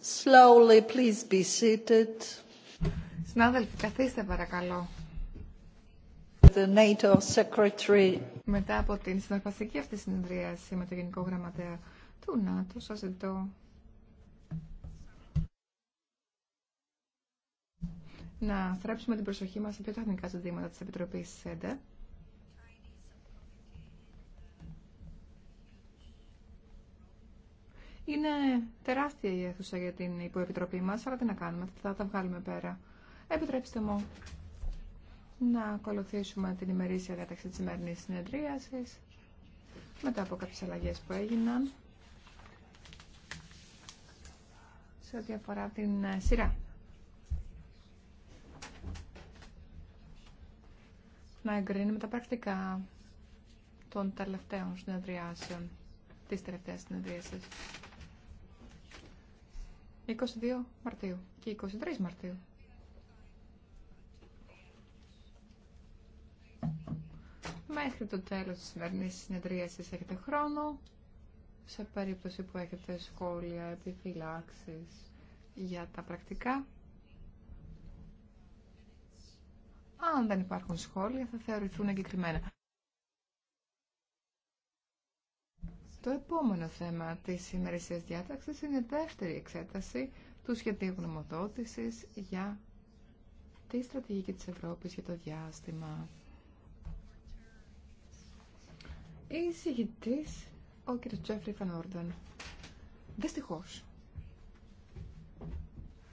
Συνάδελφοι, καθίστε παρακαλώ. Μετά από την συναρπαστική αυτή συνεδρίαση με το Γενικό Γραμματέα του ΝΑΤΟ, σας ζητώ να θρέψουμε την προσοχή μας σε πιο τεχνικά ζητήματα της Επιτροπής ΣΕΝΤΕ. Είναι τεράστια η αίθουσα για την υποεπιτροπή μας, αλλά τι να κάνουμε, θα τα βγάλουμε πέρα. Επιτρέψτε μου να ακολουθήσουμε την ημερήσια διάταξη της σημερινής συνεδρίασης, μετά από κάποιες αλλαγές που έγιναν, σε ό,τι αφορά την ε, σειρά. Να εγκρίνουμε τα πρακτικά των τελευταίων συνεδριάσεων, της τελευταίας συνεδρίασης. 22 Μαρτίου και 23 Μαρτίου. Μέχρι το τέλος της σημερινής συνεδρίασης έχετε χρόνο. Σε περίπτωση που έχετε σχόλια, επιφυλάξεις για τα πρακτικά. Αν δεν υπάρχουν σχόλια θα θεωρηθούν εγκεκριμένα. Το επόμενο θέμα της σημερινής διάταξης είναι η δεύτερη εξέταση του σχεδίου γνωμοδότησης για τη στρατηγική της Ευρώπης για το διάστημα. Η συγητής, ο κ. Τζέφρι Φανόρντον. Δυστυχώς.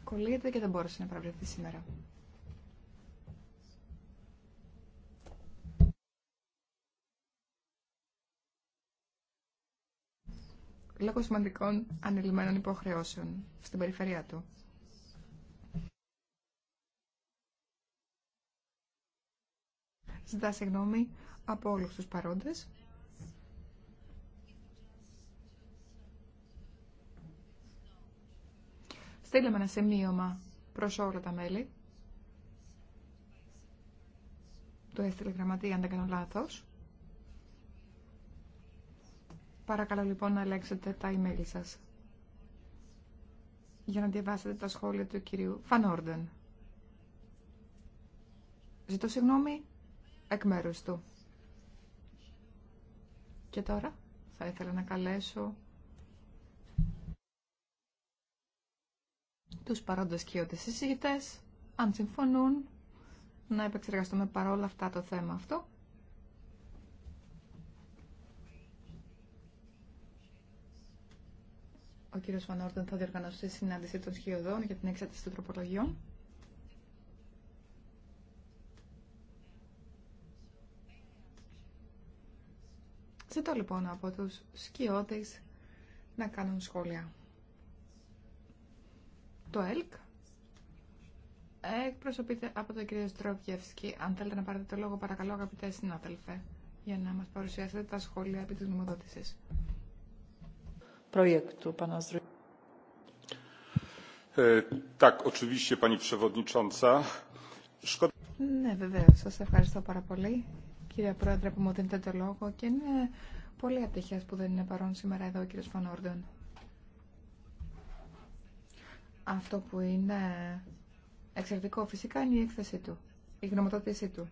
Κολλείται και δεν μπόρεσε να παραβρεθεί σήμερα. λόγω σημαντικών ανελημμένων υποχρεώσεων στην περιφερειά του. Ζητά συγγνώμη από όλους τους παρόντες. Στείλαμε ένα σημείωμα προς όλα τα μέλη. Το έστειλε γραμματεία, αν δεν κάνω λάθος. Παρακαλώ λοιπόν να ελέγξετε τα email σας για να διαβάσετε τα σχόλια του κυρίου Φανόρντεν. Ζητώ συγγνώμη εκ μέρους του. Και τώρα θα ήθελα να καλέσω τους παρόντες και ότες συζητητές, αν συμφωνούν, να επεξεργαστούμε παρόλα αυτά το θέμα αυτό. ο κύριος Βανόρντον θα διοργανώσει συνάντηση των σχεδόν για την εξέταση των τροπολογιών. Ζητώ λοιπόν από τους σκιώτες να κάνουν σχόλια. Το ΕΛΚ εκπροσωπείται από τον κύριο Στροβιεύσκη. Αν θέλετε να πάρετε το λόγο, παρακαλώ αγαπητέ συνάδελφε, για να μας παρουσιάσετε τα σχόλια επί της νομοδότησης projektu pana e, Tak, oczywiście, pani przewodnicząca. Ναι, βεβαίω. Σα ευχαριστώ πάρα πολύ, κυρία Πρόεδρε, που μου δίνετε το λόγο και είναι πολύ ατυχέ που δεν είναι παρόν σήμερα εδώ ο κύριο Φανόρντον. Αυτό που είναι εξαιρετικό φυσικά είναι η έκθεσή του, η γνωμοτότησή του.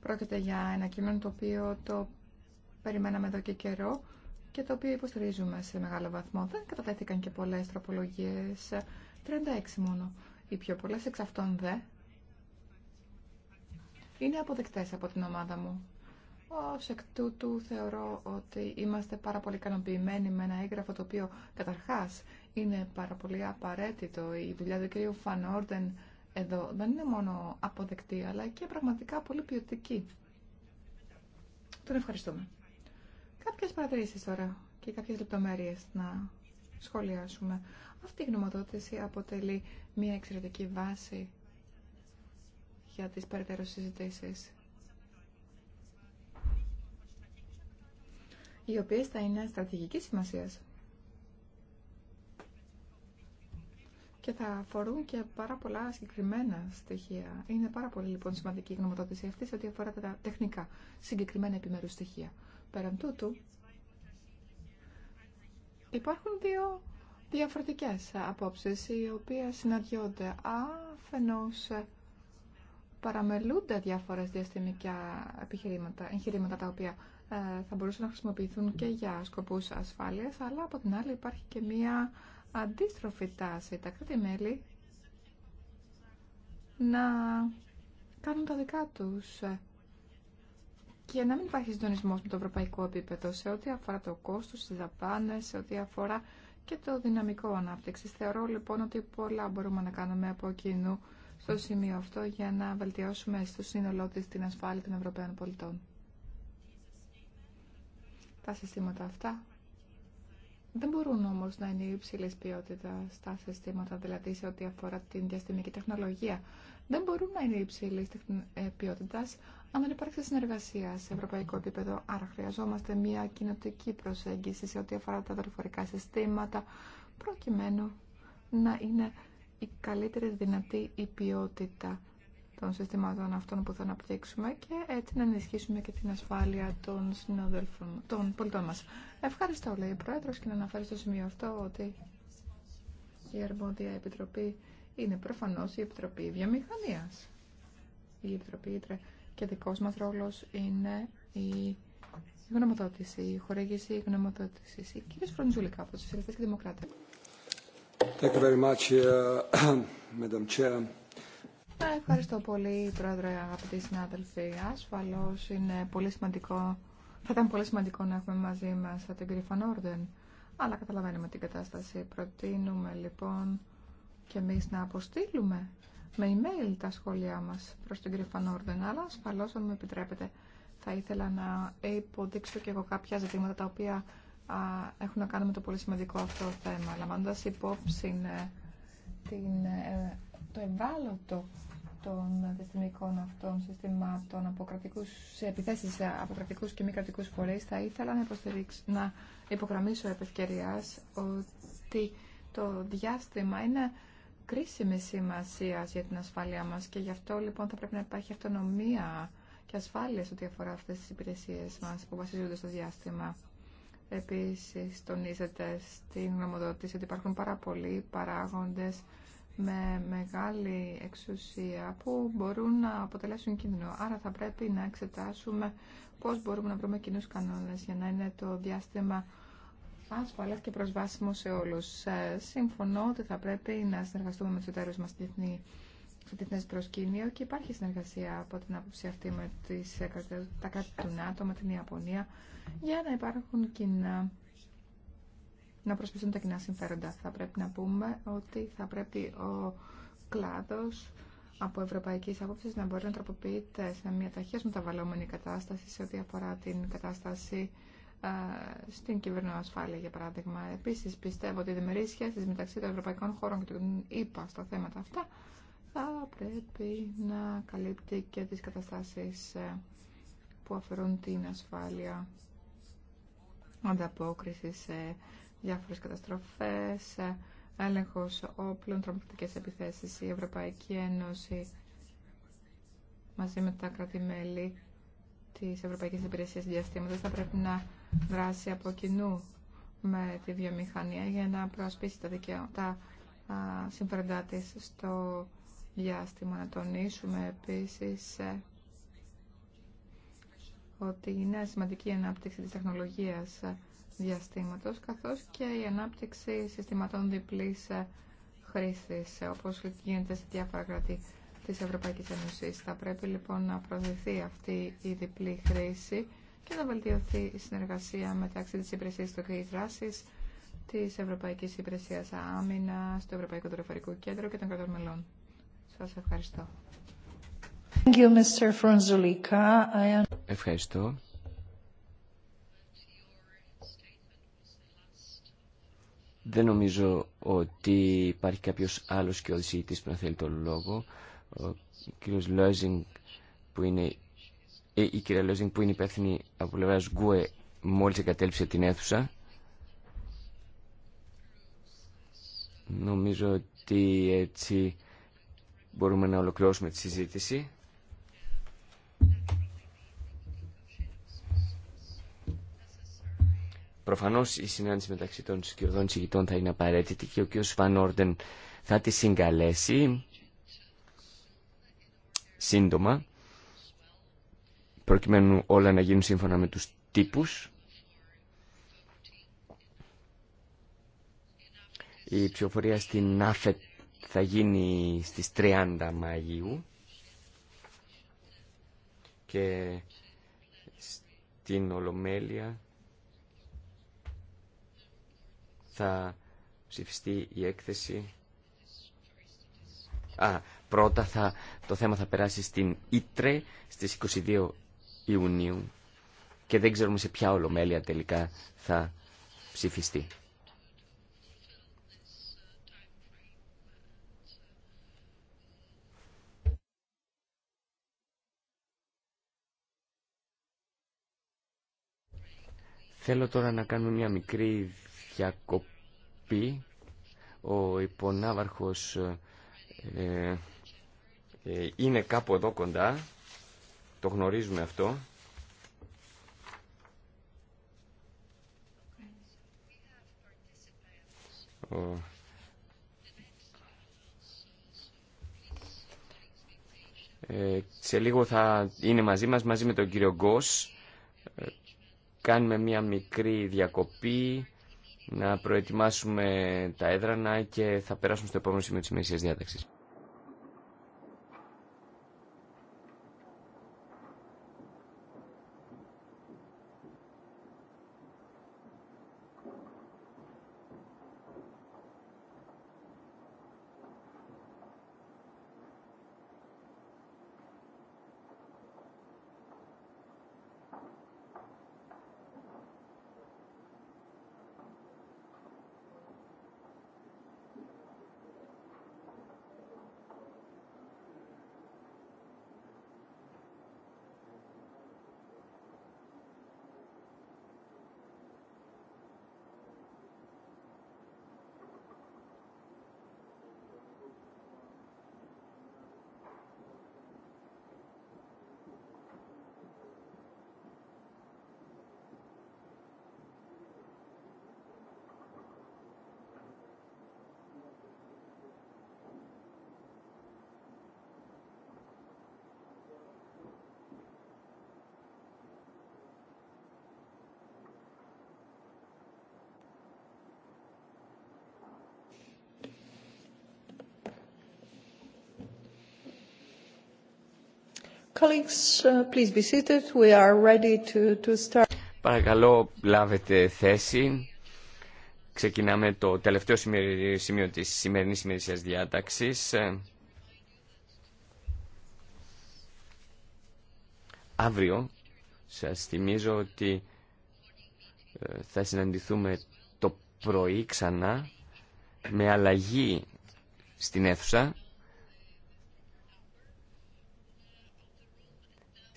Πρόκειται για ένα κείμενο το οποίο το περιμέναμε εδώ και καιρό και το οποίο υποστηρίζουμε σε μεγάλο βαθμό. Δεν κατατέθηκαν και πολλές τροπολογίες, 36 μόνο. Οι πιο πολλές εξ αυτών δε είναι αποδεκτές από την ομάδα μου. Ω εκ τούτου θεωρώ ότι είμαστε πάρα πολύ ικανοποιημένοι με ένα έγγραφο το οποίο καταρχάς είναι πάρα πολύ απαραίτητο. Η δουλειά του κ. Φανόρντεν εδώ δεν είναι μόνο αποδεκτή αλλά και πραγματικά πολύ ποιοτική. Τον ευχαριστούμε. Κάποιες παρατηρήσεις τώρα και κάποιες λεπτομέρειες να σχολιάσουμε. Αυτή η γνωμοδότηση αποτελεί μια εξαιρετική βάση για τις περαιτέρω συζητήσει. οι οποίε θα είναι στρατηγικής σημασίας. και θα αφορούν και πάρα πολλά συγκεκριμένα στοιχεία. Είναι πάρα πολύ λοιπόν σημαντική η γνωμοδότηση αυτή σε ό,τι αφορά τα τεχνικά συγκεκριμένα επιμέρου στοιχεία. Πέραν τούτου, υπάρχουν δύο διαφορετικές απόψεις οι οποίες συναντιόνται αφενός παραμελούνται διάφορες διαστημικά επιχειρήματα, εγχειρήματα τα οποία ε, θα μπορούσαν να χρησιμοποιηθούν και για σκοπούς ασφάλειας, αλλά από την άλλη υπάρχει και μία αντίστροφη τάση. Τα κράτη-μέλη να κάνουν τα δικά τους ε, και να μην υπάρχει συντονισμό με το ευρωπαϊκό επίπεδο σε ό,τι αφορά το κόστο, τι δαπάνε, σε ό,τι αφορά και το δυναμικό ανάπτυξη. Θεωρώ λοιπόν ότι πολλά μπορούμε να κάνουμε από κοινού στο σημείο αυτό για να βελτιώσουμε στο σύνολό τη την ασφάλεια των Ευρωπαίων πολιτών. Τα συστήματα αυτά δεν μπορούν όμω να είναι υψηλή ποιότητα στα συστήματα, δηλαδή σε ό,τι αφορά την διαστημική τεχνολογία. Δεν μπορούν να είναι υψηλή ε, ποιότητα αν δεν υπάρξει συνεργασία σε ευρωπαϊκό επίπεδο. Άρα χρειαζόμαστε μια κοινοτική προσέγγιση σε ό,τι αφορά τα δορυφορικά συστήματα, προκειμένου να είναι η καλύτερη δυνατή η ποιότητα των συστημάτων αυτών που θα αναπτύξουμε και έτσι να ενισχύσουμε και την ασφάλεια των συναδέλφων, των πολιτών μας. Ευχαριστώ, λέει η Πρόεδρος, και να αναφέρει στο σημείο αυτό ότι η αρμόδια επιτροπή είναι προφανώς η Επιτροπή Βιομηχανίας. Η Επιτροπή Ήτρε και δικός μας ρόλος είναι η γνωμοδότηση, η χορήγηση γνωμοδότησης. Η Φροντζούλη, από και Ε, ευχαριστώ πολύ, Πρόεδρε, αγαπητοί συνάδελφοι. Ασφαλώ είναι πολύ σημαντικό. Θα ήταν πολύ σημαντικό να έχουμε μαζί μα την Κρυφανόρδεν, Όρδεν. Αλλά καταλαβαίνουμε την κατάσταση. Προτείνουμε λοιπόν και εμεί να αποστείλουμε με email τα σχόλιά μα προ την Κρυφανόρδεν, Αλλά ασφαλώ, αν μου επιτρέπετε, θα ήθελα να υποδείξω και εγώ κάποια ζητήματα τα οποία α, έχουν να κάνουν με το πολύ σημαντικό αυτό θέμα. Λαμβάνοντα υπόψη ε, την, ε, το ευάλωτο των δυστημικών αυτών συστημάτων από κρατικούς, σε επιθέσεις από κρατικούς και μη κρατικούς φορείς, θα ήθελα να, να υπογραμμίσω επ' ότι το διάστημα είναι κρίσιμη σημασία για την ασφάλεια μας και γι' αυτό λοιπόν θα πρέπει να υπάρχει αυτονομία και ασφάλεια σε ό,τι αφορά αυτές τις υπηρεσίες μας που βασίζονται στο διάστημα. Επίσης, τονίζεται στην γνωμοδότηση ότι υπάρχουν πάρα πολλοί παράγοντες με μεγάλη εξουσία που μπορούν να αποτελέσουν κίνδυνο. Άρα θα πρέπει να εξετάσουμε πώς μπορούμε να βρούμε κοινούς κανόνες για να είναι το διάστημα ασφαλές και προσβάσιμο σε όλους. Ε, συμφωνώ ότι θα πρέπει να συνεργαστούμε με τους εταίρους μας στο διεθνές προσκήνιο και υπάρχει συνεργασία από την άποψη αυτή με τις, τα κράτη του ΝΑΤΟ, με την Ιαπωνία, για να υπάρχουν κοινά να προσπιστούν τα κοινά συμφέροντα. Θα πρέπει να πούμε ότι θα πρέπει ο κλάδος από ευρωπαϊκή άποψη να μπορεί να τροποποιείται σε μια ταχεία μεταβαλλόμενη κατάσταση σε ό,τι αφορά την κατάσταση στην ασφάλεια, για παράδειγμα. Επίση, πιστεύω ότι οι διμερεί σχέσει μεταξύ των ευρωπαϊκών χωρών και των ΗΠΑ στα θέματα αυτά θα πρέπει να καλύπτει και τι καταστάσει ε, που αφορούν την ασφάλεια ανταπόκριση σε διάφορες καταστροφές, ε, έλεγχος όπλων, τρομοκρατικές επιθέσεις. Η Ευρωπαϊκή Ένωση μαζί με τα κράτη-μέλη της Ευρωπαϊκής Υπηρεσία Διαστήματος θα πρέπει να δράσει από κοινού με τη βιομηχανία για να προασπίσει τα, δικαιώ, τα συμφέροντά της στο διάστημα. Να τονίσουμε επίσης ε, ότι είναι σημαντική η ανάπτυξη της τεχνολογίας ε, διαστήματος καθώς και η ανάπτυξη συστηματών διπλής ε, χρήσης ε, όπως γίνεται σε διάφορα κράτη της Ευρωπαϊκής Ένωσης. Θα πρέπει λοιπόν να προωθηθεί αυτή η διπλή χρήση και να βελτιωθεί η συνεργασία μεταξύ της υπηρεσίας τοπικής δράσης, της Ευρωπαϊκής Υπηρεσίας Άμυνα, του Ευρωπαϊκού Τροφορικού Κέντρου και των κρατών μελών. Σας ευχαριστώ. Thank you, Mr. Ευχαριστώ. Δεν νομίζω ότι υπάρχει κάποιος άλλος και ο που να θέλει τον λόγο. Ο κύριος που είναι ε, η κυρία Λόζινγκ που είναι υπεύθυνη από πλευράς Γκουε μόλις εγκατέλειψε την αίθουσα. Νομίζω ότι έτσι μπορούμε να ολοκληρώσουμε τη συζήτηση. Προφανώς η συνάντηση μεταξύ των σκιωδών συγητών θα είναι απαραίτητη και ο κ. Φανόρντεν θα τη συγκαλέσει σύντομα προκειμένου όλα να γίνουν σύμφωνα με τους τύπους. Η ψηφοφορία στην ΑΦΕΤ θα γίνει στις 30 Μαΐου και στην Ολομέλεια θα ψηφιστεί η έκθεση. Α, πρώτα θα, το θέμα θα περάσει στην Ήτρε στις 22 Ιουνίου και δεν ξέρουμε σε ποια ολομέλεια τελικά θα ψηφιστεί. Θέλω τώρα να κάνουμε μια μικρή διακοπή ο υπονάβαρχος ε, ε, είναι κάπου εδώ κοντά το γνωρίζουμε αυτό ο... Ε, σε λίγο θα είναι μαζί μας μαζί με τον κύριο Γκος κάνουμε μια μικρή διακοπή να προετοιμάσουμε τα έδρανα και θα περάσουμε στο επόμενο σημείο της ημερησίας διάταξης. Uh, Παρακαλώ, λάβετε θέση. Ξεκινάμε το τελευταίο σημείο, σημείο της σημερινής ημερησίας Αύριο σας θυμίζω ότι ε, θα συναντηθούμε το πρωί ξανά με αλλαγή στην αίθουσα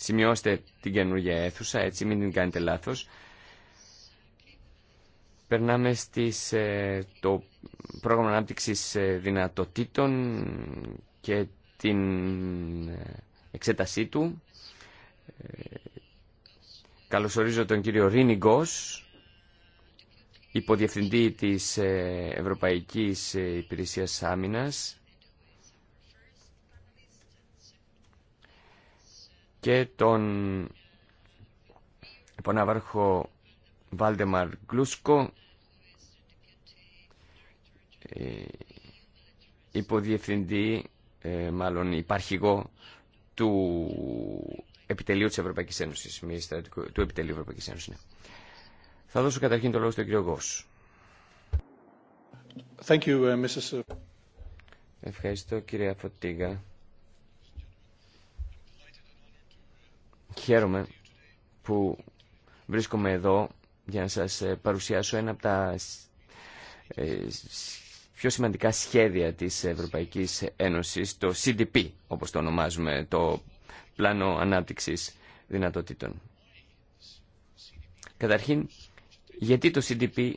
σημειώστε την καινούργια αίθουσα, έτσι μην την κάνετε λάθος. Περνάμε στις, ε, το πρόγραμμα ανάπτυξης ε, δυνατοτήτων και την ε, εξέτασή του. Καλωσορίζω τον κύριο Ρίνι Γκος, υποδιευθυντή της Ευρωπαϊκής Υπηρεσίας Άμυνας και τον υπονάβαρχο Βάλτεμαρ Γκλούσκο, ε, υποδιευθυντή, ε, μάλλον υπαρχηγό του Επιτελείου της Ευρωπαϊκής Ένωσης, του Επιτελείου Ευρωπαϊκής Ένωσης. Ναι. Θα δώσω καταρχήν το λόγο στον κύριο Γκος. Ε, Ευχαριστώ κύριε Αφωτίγα Χαίρομαι που βρίσκομαι εδώ για να σας ε, παρουσιάσω ένα από τα ε, πιο σημαντικά σχέδια της Ευρωπαϊκής Ένωσης, το CDP, όπως το ονομάζουμε, το Πλάνο Ανάπτυξης Δυνατοτήτων. Καταρχήν, γιατί το CDP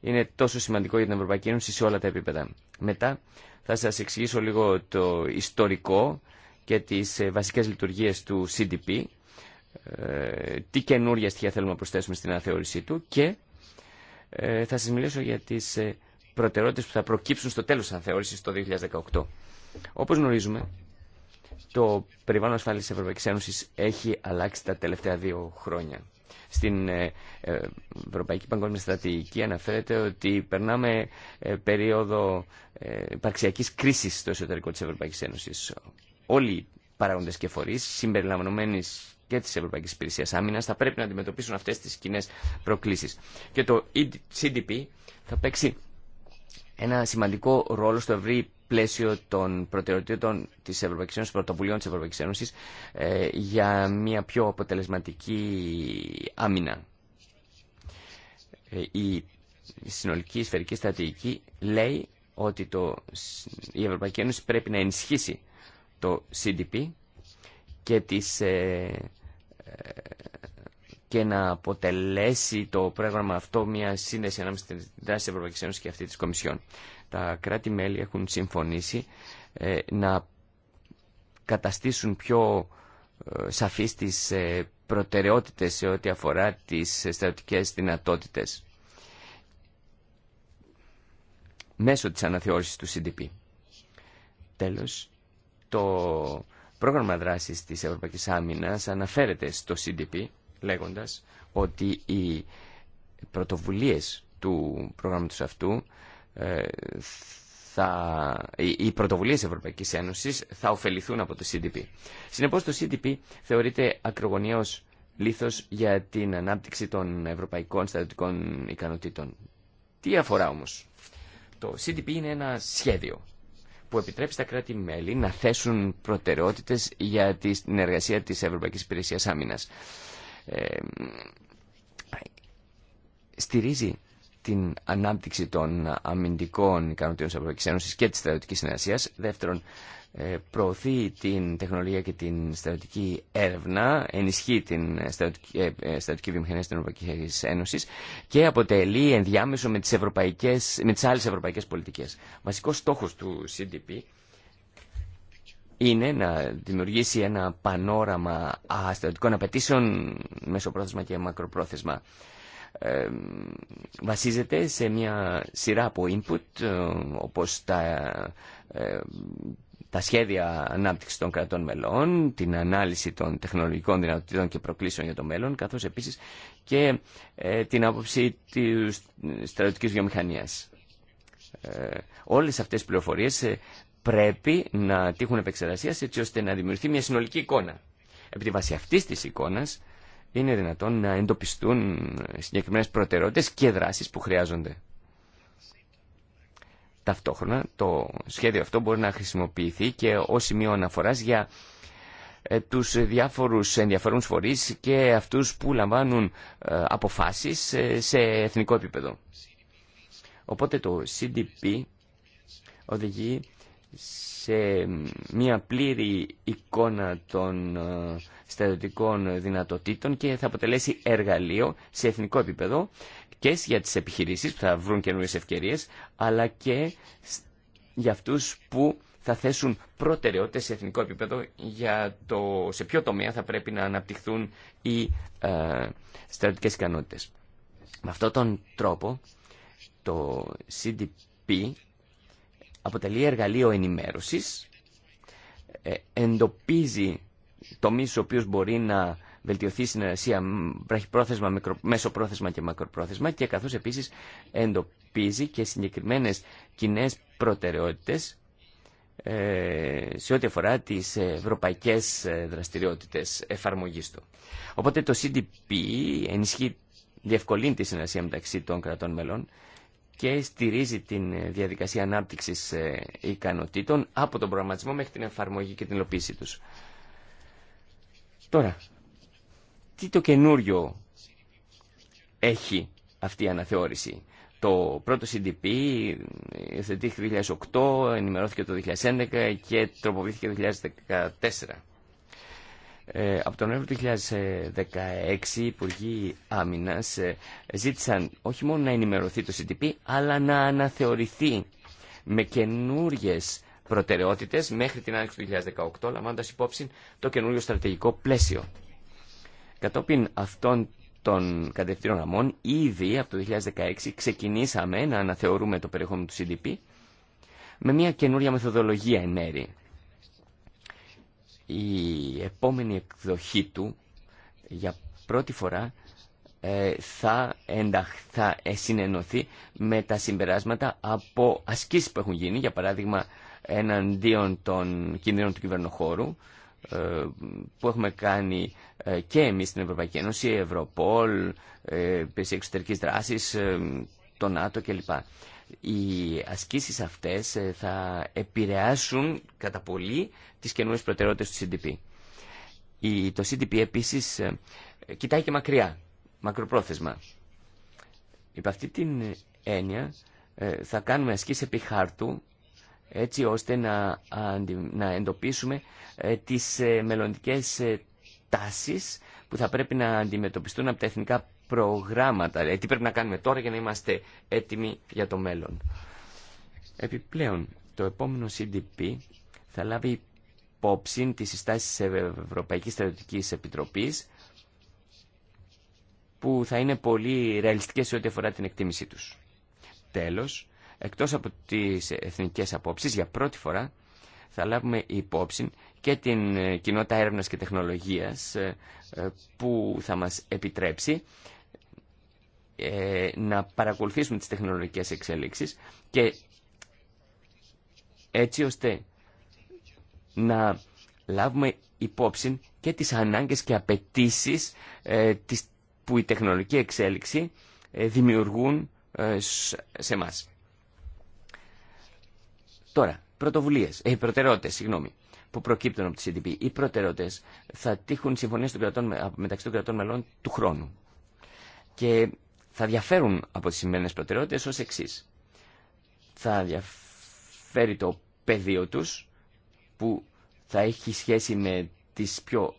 είναι τόσο σημαντικό για την Ευρωπαϊκή Ένωση σε όλα τα επίπεδα. Μετά θα σας εξηγήσω λίγο το ιστορικό και τις ε, βασικές λειτουργίες του CDP ε, τι καινούργια στοιχεία θέλουμε να προσθέσουμε στην αναθεώρησή του και ε, θα σας μιλήσω για τις ε, προτεραιότητες που θα προκύψουν στο τέλος της αναθεώρησης το 2018. Όπως γνωρίζουμε, το περιβάλλον ασφάλισης της Ευρωπαϊκής Ένωσης έχει αλλάξει τα τελευταία δύο χρόνια. Στην Ευρωπαϊκή Παγκόσμια Στρατηγική αναφέρεται ότι περνάμε περίοδο υπαρξιακή κρίσης στο εσωτερικό της Ευρωπαϊκής Ένωσης. Όλοι οι και φορείς, συμπεριλαμβανομένης και τη Ευρωπαϊκή Υπηρεσία Άμυνα θα πρέπει να αντιμετωπίσουν αυτέ τι κοινέ προκλήσει. Και το e CDP θα παίξει ένα σημαντικό ρόλο στο ευρύ πλαίσιο των προτεραιοτήτων τη Ευρωπαϊκή Ένωση, πρωτοβουλίων τη Ευρωπαϊκή Ένωση ε, για μια πιο αποτελεσματική άμυνα. Ε, η συνολική σφαιρική στρατηγική λέει ότι το, η Ευρωπαϊκή Ένωση πρέπει να ενισχύσει το CDP και, τις, ε, ε, και να αποτελέσει το πρόγραμμα αυτό μια σύνδεση ανάμεσα στην δράση της Ευρωπαϊκής Ένωσης και αυτή της Κομισιόν. Τα κράτη-μέλη έχουν συμφωνήσει ε, να καταστήσουν πιο σαφείς τις προτεραιότητες σε ό,τι αφορά τις στρατιωτικές δυνατότητες μέσω της αναθεώρησης του CDP. Τέλος, το πρόγραμμα δράσης της Ευρωπαϊκής Άμυνας αναφέρεται στο CDP λέγοντας ότι οι πρωτοβουλίες του προγράμματος αυτού ε, θα, οι πρωτοβουλίες Ευρωπαϊκής Ένωσης θα ωφεληθούν από το CDP. Συνεπώς το CDP θεωρείται ακρογωνιαίος λίθος για την ανάπτυξη των ευρωπαϊκών στρατιωτικών ικανοτήτων. Τι αφορά όμως. Το CDP είναι ένα σχέδιο που επιτρέπει στα κράτη-μέλη να θέσουν προτεραιότητες για την εργασία της Ευρωπαϊκής Υπηρεσίας Άμυνας. Ε, στηρίζει την ανάπτυξη των αμυντικών ικανοτήτων της Ευρωπαϊκής Ένωσης και της στρατιωτικής συνεργασίας. Δεύτερον, ε, προωθεί την τεχνολογία και την στρατιωτική έρευνα, ενισχύει την στρατιωτική ε, ε, βιομηχανία στην Ευρωπαϊκή Ένωσης και αποτελεί ενδιάμεσο με τις, ευρωπαϊκές, με τις άλλες ευρωπαϊκές πολιτικές. Βασικός στόχος του CDP είναι να δημιουργήσει ένα πανόραμα στρατιωτικών απαιτήσεων μεσοπρόθεσμα και μακροπρόθεσμα. βασίζεται σε μια σειρά από input όπως τα, τα σχέδια ανάπτυξη των κρατών μελών, την ανάλυση των τεχνολογικών δυνατοτήτων και προκλήσεων για το μέλλον, καθώς επίσης και ε, την άποψη της στρατιωτικής βιομηχανίας. Ε, όλες αυτές οι πληροφορίες ε, πρέπει να τύχουν επεξεργασία έτσι ώστε να δημιουργηθεί μια συνολική εικόνα. Επί τη βάση αυτής της εικόνας είναι δυνατόν να εντοπιστούν συγκεκριμένες προτεραιότητες και δράσεις που χρειάζονται. Ταυτόχρονα το σχέδιο αυτό μπορεί να χρησιμοποιηθεί και ως σημείο αναφοράς για ε, τους διάφορους ενδιαφέρουσες φορείς και αυτούς που λαμβάνουν ε, αποφάσεις ε, σε εθνικό επίπεδο. Οπότε το CDP οδηγεί σε μια πλήρη εικόνα των στρατιωτικών δυνατοτήτων και θα αποτελέσει εργαλείο σε εθνικό επίπεδο και για τις επιχειρήσεις που θα βρουν καινούριες ευκαιρίες, αλλά και για αυτούς που θα θέσουν προτεραιότητες σε εθνικό επίπεδο για το σε ποιο τομέα θα πρέπει να αναπτυχθούν οι ε, στρατιωτικές ικανότητες. Με αυτόν τον τρόπο το CDP αποτελεί εργαλείο ενημέρωσης, ε, εντοπίζει τομεί στου οποίου μπορεί να βελτιωθεί η συνεργασία μέσο πρόθεσμα και μακροπρόθεσμα και καθώς επίσης εντοπίζει και συγκεκριμένες κοινέ προτεραιότητες ε, σε ό,τι αφορά τις ευρωπαϊκές ε, δραστηριότητες εφαρμογής του. Οπότε το CDP ενισχύει, διευκολύνει τη συνεργασία μεταξύ των κρατών μελών και στηρίζει την διαδικασία ανάπτυξης ε, ικανοτήτων από τον προγραμματισμό μέχρι την εφαρμογή και την υλοποίησή τους. Τώρα, τι το καινούριο έχει αυτή η αναθεώρηση. Το πρώτο CDP υιοθετήθηκε το 2008, ενημερώθηκε το 2011 και τροποποιήθηκε το 2014. Ε, από τον Νοέμβριο του 2016 οι Υπουργοί Άμυνα ε, ζήτησαν όχι μόνο να ενημερωθεί το CDP αλλά να αναθεωρηθεί με καινούριες προτεραιότητες μέχρι την άνοιξη του 2018, λαμβάνοντα υπόψη το καινούριο στρατηγικό πλαίσιο. Κατόπιν αυτών των κατευθύνων αμών, ήδη από το 2016 ξεκινήσαμε να αναθεωρούμε το περιεχόμενο του CDP με μια καινούρια μεθοδολογία εν μέρη. Η επόμενη εκδοχή του για πρώτη φορά ε, θα, ενταχ, θα συνενωθεί με τα συμπεράσματα από ασκήσεις που έχουν γίνει, για παράδειγμα εναντίον των κινδύνων του κυβερνοχώρου ε, που έχουμε κάνει ε, και εμείς στην Ευρωπαϊκή Ένωση, η Ευρωπόλ, ε, υπηρεσία εξωτερικής δράσης, το ΝΑΤΟ κλπ. Οι ασκήσεις αυτές θα επηρεάσουν κατά πολύ τις καινούριες προτεραιότητες του CDP. Το CDP επίσης κοιτάει και μακριά, μακροπρόθεσμα. Υπ' αυτή την έννοια θα κάνουμε ασκήσεις επί χάρτου έτσι ώστε να, να εντοπίσουμε ε, τις ε, μελλοντικές ε, τάσεις που θα πρέπει να αντιμετωπιστούν από τα εθνικά προγράμματα. τι πρέπει να κάνουμε τώρα για να είμαστε έτοιμοι για το μέλλον. Επιπλέον, το επόμενο CDP θα λάβει υπόψη τις συστάσεις της Ευρωπαϊκής Στρατιωτικής Επιτροπής που θα είναι πολύ ρεαλιστικές σε ό,τι αφορά την εκτίμησή τους. Τέλος, εκτός από τις εθνικές απόψεις, για πρώτη φορά θα λάβουμε υπόψη και την ε, κοινότητα έρευνας και τεχνολογίας ε, ε, που θα μας επιτρέψει να παρακολουθήσουμε τις τεχνολογικές εξέλιξεις και έτσι ώστε να λάβουμε υπόψη και τις ανάγκες και απαιτήσει που η τεχνολογική εξέλιξη δημιουργούν σε μας. Τώρα, πρωτοβουλίε, ε, προτεραιότητε, συγγνώμη, που προκύπτουν από τη CDP. Οι προτεραιότητε θα τύχουν συμφωνίε μεταξύ των κρατών μελών του χρόνου. Και θα διαφέρουν από τι σημερινέ προτεραιότητε ω εξή. Θα διαφέρει το πεδίο του, που θα έχει σχέση με τι πιο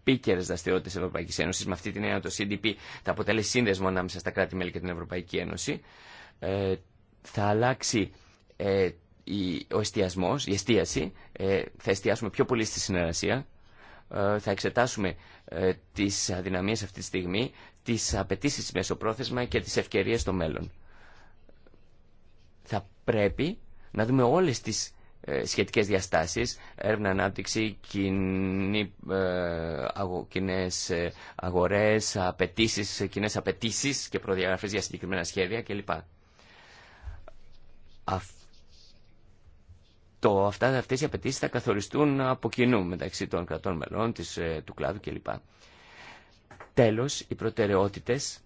επίκαιρε δραστηριότητε τη Ευρωπαϊκής Ένωσης. Με αυτή την έννοια το CDP θα αποτελεί σύνδεσμο ανάμεσα στα κράτη-μέλη και την Ευρωπαϊκή Ένωση. Ε, θα αλλάξει ε, ο εστιασμός, η εστίαση, ε, θα εστιάσουμε πιο πολύ στη συνεργασία, ε, θα εξετάσουμε ε, τις αδυναμίες αυτή τη στιγμή, τις απαιτήσει μεσοπρόθεσμα και τις ευκαιρίες στο μέλλον. Θα πρέπει να δούμε όλες τις σχετικές διαστάσεις, έρευνα ανάπτυξη, κοινή, κοινές αγορές, απαιτήσεις, κοινές απαιτήσεις και προδιαγραφές για συγκεκριμένα σχέδια κλπ το, αυτά, αυτές οι απαιτήσει θα καθοριστούν από κοινού μεταξύ των κρατών μελών, της, ε, του κλάδου κλπ. Τέλος, οι προτεραιότητες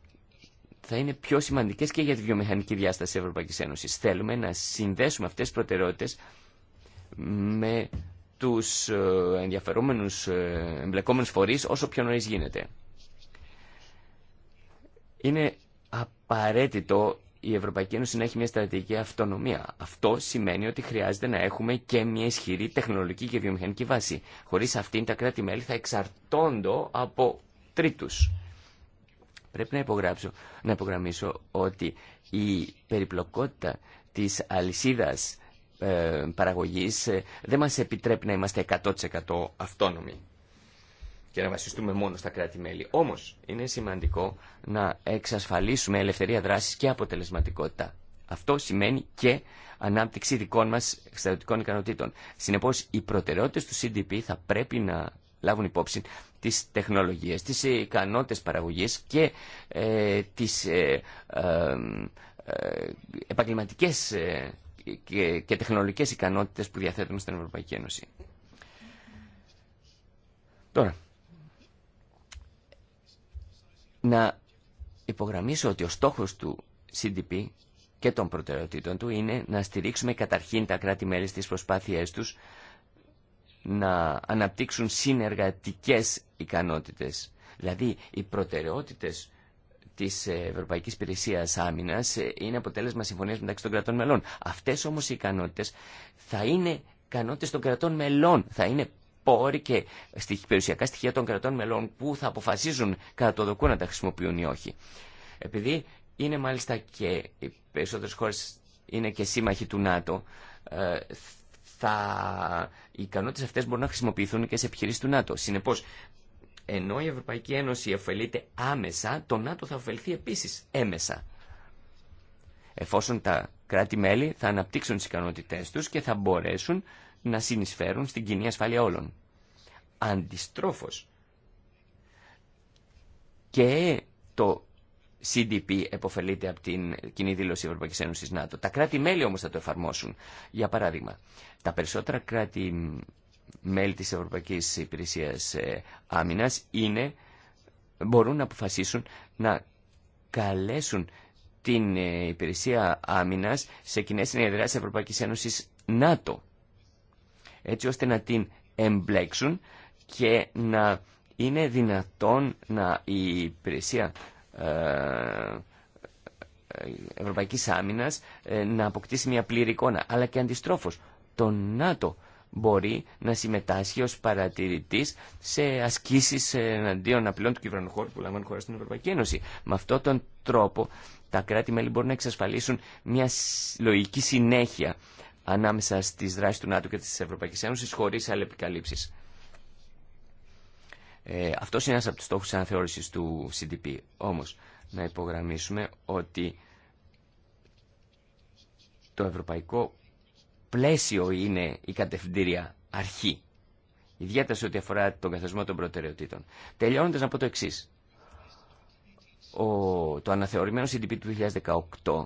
θα είναι πιο σημαντικές και για τη βιομηχανική διάσταση της Ευρωπαϊκής Ένωσης. Θέλουμε να συνδέσουμε αυτές τις προτεραιότητες με τους ε, ενδιαφερόμενους ε, εμπλεκόμενους φορείς όσο πιο νωρίς γίνεται. Είναι απαραίτητο η Ευρωπαϊκή Ένωση να έχει μια στρατηγική αυτονομία. Αυτό σημαίνει ότι χρειάζεται να έχουμε και μια ισχυρή τεχνολογική και βιομηχανική βάση. Χωρίς αυτήν τα κράτη-μέλη θα εξαρτώνται από τρίτους. Πρέπει να, υπογράψω, να υπογραμμίσω ότι η περιπλοκότητα της αλυσίδας ε, παραγωγής ε, δεν μας επιτρέπει να είμαστε 100% αυτόνομοι και να βασιστούμε μόνο στα κράτη-μέλη. Όμως είναι σημαντικό να εξασφαλίσουμε ελευθερία δράσης και αποτελεσματικότητα. Αυτό σημαίνει και ανάπτυξη δικών μας εξαιρετικών ικανοτήτων. Συνεπώς οι προτεραιότητε του CDP θα πρέπει να λάβουν υπόψη τις τεχνολογίες, τις ικανότητες παραγωγής και ε, τις ε, ε, ε, ε και, και τεχνολογικές ικανότητες που διαθέτουμε στην Ευρωπαϊκή Ένωση. Τώρα, να υπογραμμίσω ότι ο στόχος του CDP και των προτεραιοτήτων του είναι να στηρίξουμε καταρχήν τα κράτη-μέλη στις προσπάθειές τους να αναπτύξουν συνεργατικές ικανότητες. Δηλαδή, οι προτεραιότητες της Ευρωπαϊκής Υπηρεσία Άμυνα είναι αποτέλεσμα συμφωνίας μεταξύ των κρατών μελών. Αυτές όμως οι ικανότητες θα είναι ικανότητες των κρατών μελών, θα είναι πόροι και περιουσιακά στοιχεία των κρατών μελών που θα αποφασίζουν κατά το δοκού να τα χρησιμοποιούν ή όχι. Επειδή είναι μάλιστα και οι περισσότερε χώρε είναι και σύμμαχοι του ΝΑΤΟ, ε, θα... οι ικανότητε αυτέ μπορούν να χρησιμοποιηθούν και σε επιχειρήσει του ΝΑΤΟ. Συνεπώ, ενώ η Ευρωπαϊκή Ένωση ωφελείται άμεσα, το ΝΑΤΟ θα ωφεληθεί επίση έμεσα. Εφόσον τα κράτη-μέλη θα αναπτύξουν τι ικανότητέ του και θα μπορέσουν να συνεισφέρουν στην κοινή ασφάλεια όλων. Αντιστρόφως και το CDP επωφελείται από την κοινή δήλωση Ευρωπαϊκής Ένωσης ΝΑΤΟ. Τα κράτη-μέλη όμως θα το εφαρμόσουν. Για παράδειγμα, τα περισσότερα κράτη-μέλη της Ευρωπαϊκής Υπηρεσίας ε, Άμυνας είναι, μπορούν να αποφασίσουν να καλέσουν την ε, Υπηρεσία Άμυνας σε κοινέ συνεδριάσεις Ευρωπαϊκής Ένωσης ΝΑΤΟ έτσι ώστε να την εμπλέξουν και να είναι δυνατόν να η υπηρεσία ε, ε Ευρωπαϊκής Άμυνας ε, να αποκτήσει μια πλήρη εικόνα. Αλλά και αντιστρόφως, το ΝΑΤΟ μπορεί να συμμετάσχει ως παρατηρητής σε ασκήσεις εναντίον απειλών του κυβερνοχώρου που λαμβάνουν χώρα στην Ευρωπαϊκή Ένωση. Με αυτόν τον τρόπο τα κράτη-μέλη μπορούν να εξασφαλίσουν μια λογική συνέχεια ανάμεσα στις δράσεις του ΝΑΤΟ και της Ευρωπαϊκής Ένωσης χωρίς άλλες Ε, Αυτό είναι ένας από τους στόχους αναθεώρησης του CDP. Όμως, να υπογραμμίσουμε ότι το ευρωπαϊκό πλαίσιο είναι η κατευθυντήρια αρχή. Ιδιαίτερα σε ό,τι αφορά τον καθεσμό των προτεραιοτήτων. Τελειώνοντας να πω το εξή. Το αναθεωρημένο CDP του 2018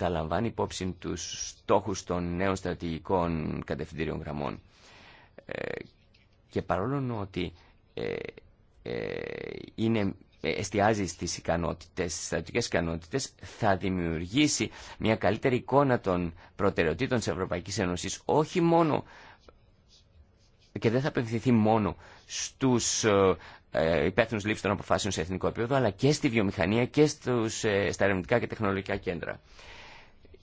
θα λαμβάνει υπόψη τους στόχους των νέων στρατηγικών κατευθυντήριων γραμμών. Ε, και παρόλο ότι ε, ε, είναι εστιάζει στις ικανότητες, στις στρατιωτικές ικανότητες, θα δημιουργήσει μια καλύτερη εικόνα των προτεραιοτήτων της Ευρωπαϊκής Ένωσης, όχι μόνο και δεν θα απευθυνθεί μόνο στους ε, υπεύθυνους λήψη των αποφάσεων σε εθνικό επίπεδο, αλλά και στη βιομηχανία και στα ερευνητικά και τεχνολογικά κέντρα.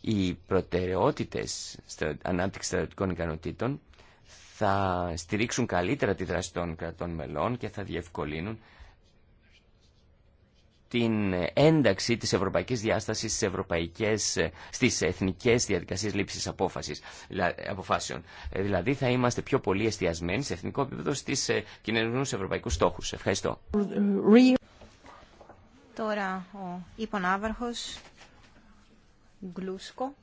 Οι προτεραιότητες ανάπτυξης στρατιωτικών ικανοτήτων θα στηρίξουν καλύτερα τη δράση των κρατών μελών και θα διευκολύνουν την ένταξη της ευρωπαϊκής διάστασης στις, ευρωπαϊκές, στις εθνικές διαδικασίες λήψης αποφάσεων. Ε, δηλαδή θα είμαστε πιο πολύ εστιασμένοι σε εθνικό επίπεδο στις ε, κοινωνικούς ευρωπαϊκούς στόχους. Ευχαριστώ. Τώρα ο υπονάβαρχος Γκλούσκο,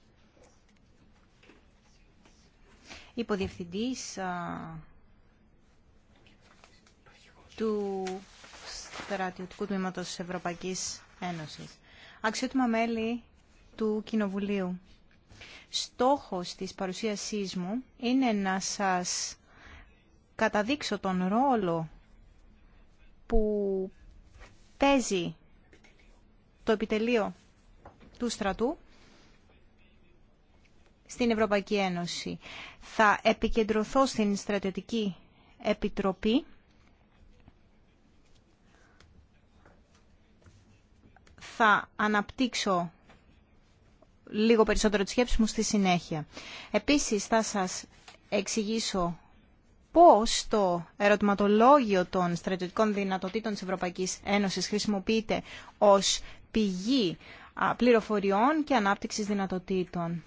υποδιευθυντής του Στρατιωτικού Τμήματος της Ευρωπαϊκής Ένωσης. Αξιότιμα μέλη του Κοινοβουλίου. Στόχος της παρουσίασής μου είναι να σας καταδείξω τον ρόλο που παίζει το επιτελείο του στρατού στην Ευρωπαϊκή Ένωση. Θα επικεντρωθώ στην Στρατιωτική Επιτροπή. Θα αναπτύξω λίγο περισσότερο τη σκέψη μου στη συνέχεια. Επίσης θα σας εξηγήσω πώς το ερωτηματολόγιο των στρατιωτικών δυνατοτήτων της Ευρωπαϊκής Ένωσης χρησιμοποιείται ως πηγή πληροφοριών και ανάπτυξης δυνατοτήτων.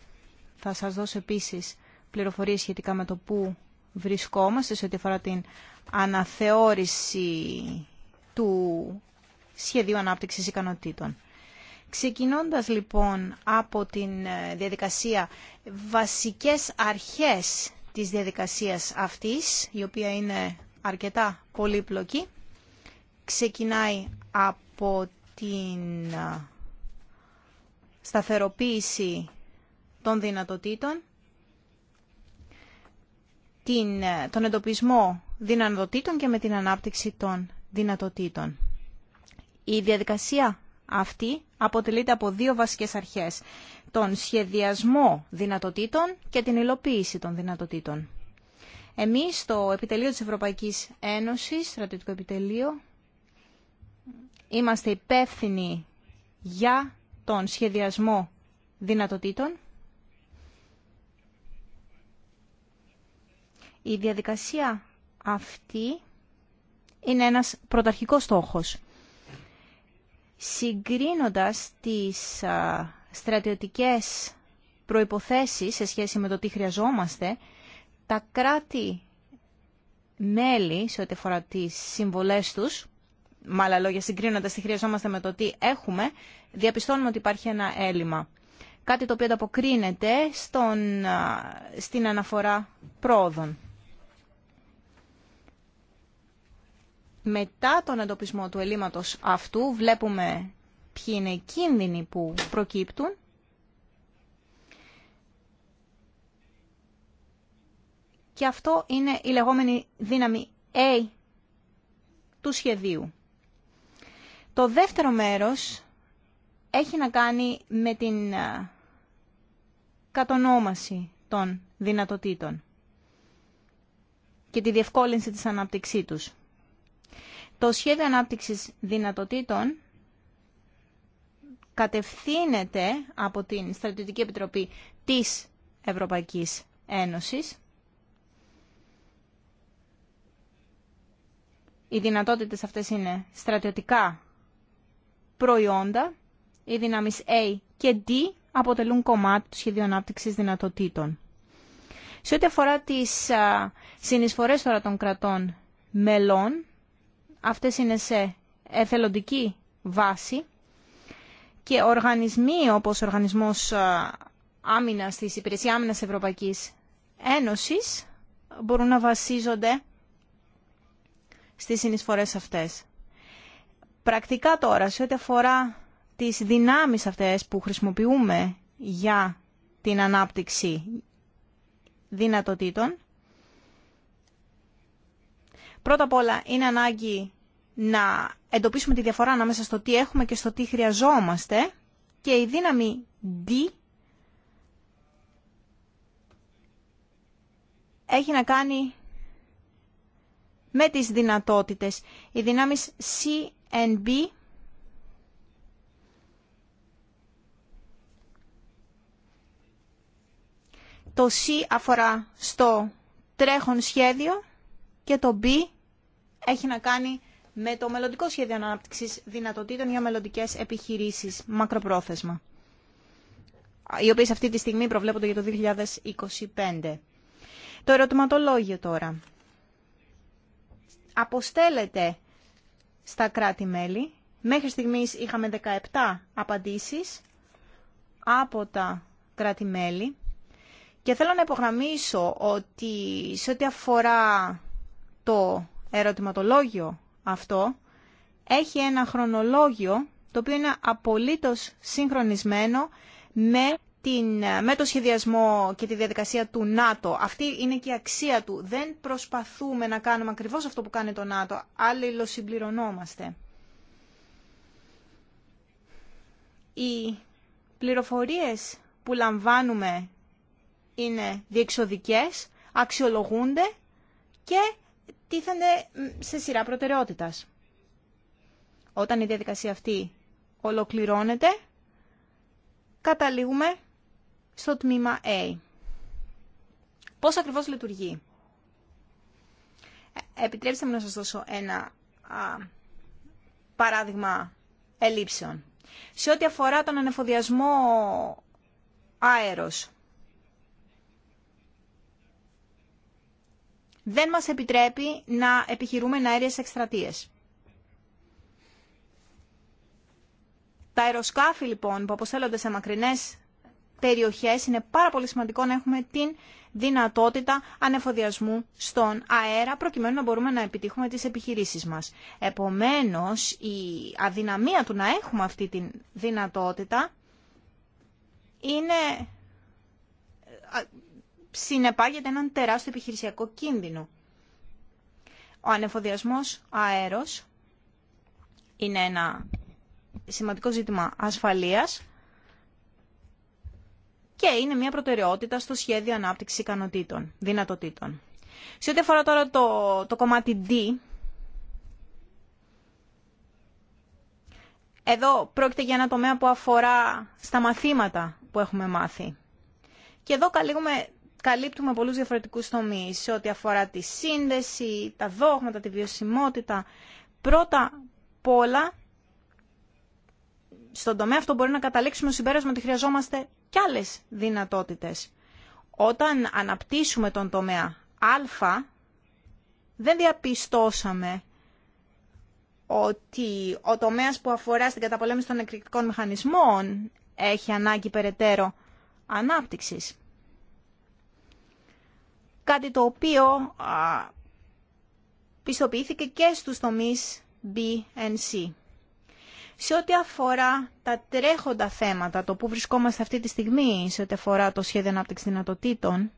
Θα σας δώσω επίσης πληροφορίες σχετικά με το πού βρισκόμαστε σε ό,τι αφορά την αναθεώρηση του σχεδίου ανάπτυξης ικανοτήτων. Ξεκινώντας λοιπόν από την ε, διαδικασία βασικές αρχές της διαδικασίας αυτής, η οποία είναι αρκετά πολύπλοκη, ξεκινάει από την ε, σταθεροποίηση των δυνατοτήτων, την, τον εντοπισμό δυνατοτήτων και με την ανάπτυξη των δυνατοτήτων. Η διαδικασία αυτή αποτελείται από δύο βασικές αρχές. Τον σχεδιασμό δυνατοτήτων και την υλοποίηση των δυνατοτήτων. Εμείς στο επιτελείο της Ευρωπαϊκής Ένωσης, στρατιωτικό επιτελείο, είμαστε υπεύθυνοι για τον σχεδιασμό δυνατοτήτων Η διαδικασία αυτή είναι ένας πρωταρχικός στόχος. Συγκρίνοντας τις α, στρατιωτικές προϋποθέσεις σε σχέση με το τι χρειαζόμαστε, τα κράτη-μέλη, σε ό,τι αφορά τις συμβολές τους, με άλλα λόγια συγκρίνοντας τι χρειαζόμαστε με το τι έχουμε, διαπιστώνουμε ότι υπάρχει ένα έλλειμμα. Κάτι το οποίο ανταποκρίνεται στην αναφορά πρόοδων. μετά τον εντοπισμό του ελλείμματος αυτού βλέπουμε ποιοι είναι οι κίνδυνοι που προκύπτουν και αυτό είναι η λεγόμενη δύναμη A του σχεδίου. Το δεύτερο μέρος έχει να κάνει με την κατονόμαση των δυνατοτήτων και τη διευκόλυνση της ανάπτυξή τους. Το σχέδιο ανάπτυξης δυνατοτήτων κατευθύνεται από την Στρατιωτική Επιτροπή της Ευρωπαϊκής Ένωσης. Οι δυνατότητες αυτές είναι στρατιωτικά προϊόντα. Οι δυνάμεις A και D αποτελούν κομμάτι του σχεδίου ανάπτυξης δυνατοτήτων. Σε ό,τι αφορά τις συνεισφορές τώρα των κρατών μελών, Αυτές είναι σε εθελοντική βάση και οργανισμοί όπως ο Οργανισμός ε, Άμυνας της Υπηρεσίας Άμυνας Ευρωπαϊκής Ένωσης μπορούν να βασίζονται στις συνεισφορές αυτές. Πρακτικά τώρα, σε ό,τι αφορά τις δυνάμεις αυτές που χρησιμοποιούμε για την ανάπτυξη δυνατοτήτων, πρώτα απ' όλα είναι ανάγκη να εντοπίσουμε τη διαφορά ανάμεσα στο τι έχουμε και στο τι χρειαζόμαστε και η δύναμη D έχει να κάνει με τις δυνατότητες. Οι δυνάμεις C and B Το C αφορά στο τρέχον σχέδιο και το B έχει να κάνει με το μελλοντικό σχέδιο ανάπτυξη δυνατοτήτων για μελλοντικέ επιχειρήσεις μακροπρόθεσμα, οι οποίε αυτή τη στιγμή προβλέπονται για το 2025. Το ερωτηματολόγιο τώρα. Αποστέλλεται στα κράτη-μέλη. Μέχρι στιγμής είχαμε 17 απαντήσεις από τα κράτη-μέλη. Και θέλω να υπογραμμίσω ότι σε ό,τι αφορά το ερωτηματολόγιο αυτό έχει ένα χρονολόγιο το οποίο είναι απολύτως συγχρονισμένο με, την, με το σχεδιασμό και τη διαδικασία του ΝΑΤΟ. Αυτή είναι και η αξία του. Δεν προσπαθούμε να κάνουμε ακριβώς αυτό που κάνει το ΝΑΤΟ. συμπληρωνόμαστε. Οι πληροφορίες που λαμβάνουμε είναι διεξοδικές, αξιολογούνται και τίθενται σε σειρά προτεραιότητας. Όταν η διαδικασία αυτή ολοκληρώνεται, καταλήγουμε στο τμήμα A. Πώς ακριβώς λειτουργεί. Ε, επιτρέψτε μου να σας δώσω ένα α, παράδειγμα ελλείψεων. Σε ό,τι αφορά τον ανεφοδιασμό αέρος, δεν μας επιτρέπει να επιχειρούμε να αέριες εκστρατείες. Τα αεροσκάφη λοιπόν που αποστέλλονται σε μακρινές περιοχές είναι πάρα πολύ σημαντικό να έχουμε την δυνατότητα ανεφοδιασμού στον αέρα προκειμένου να μπορούμε να επιτύχουμε τις επιχειρήσεις μας. Επομένως η αδυναμία του να έχουμε αυτή τη δυνατότητα είναι συνεπάγεται έναν τεράστιο επιχειρησιακό κίνδυνο. Ο ανεφοδιασμός αέρος είναι ένα σημαντικό ζήτημα ασφαλείας και είναι μια προτεραιότητα στο σχέδιο ανάπτυξης ικανοτήτων, δυνατοτήτων. Σε ό,τι αφορά τώρα το, το κομμάτι D, εδώ πρόκειται για ένα τομέα που αφορά στα μαθήματα που έχουμε μάθει. Και εδώ καλύγουμε καλύπτουμε πολλούς διαφορετικούς τομείς σε ό,τι αφορά τη σύνδεση, τα δόγματα, τη βιωσιμότητα. Πρώτα απ' όλα, στον τομέα αυτό μπορεί να καταλήξουμε στο συμπέρασμα ότι χρειαζόμαστε κι άλλες δυνατότητες. Όταν αναπτύσσουμε τον τομέα Α, δεν διαπιστώσαμε ότι ο τομέας που αφορά στην καταπολέμηση των εκρηκτικών μηχανισμών έχει ανάγκη περαιτέρω ανάπτυξης κάτι το οποίο πιστοποιήθηκε και στους τομείς B and C. Σε ό,τι αφορά τα τρέχοντα θέματα, το που βρισκόμαστε αυτή τη στιγμή, σε ό,τι αφορά το σχέδιο ανάπτυξη δυνατοτήτων,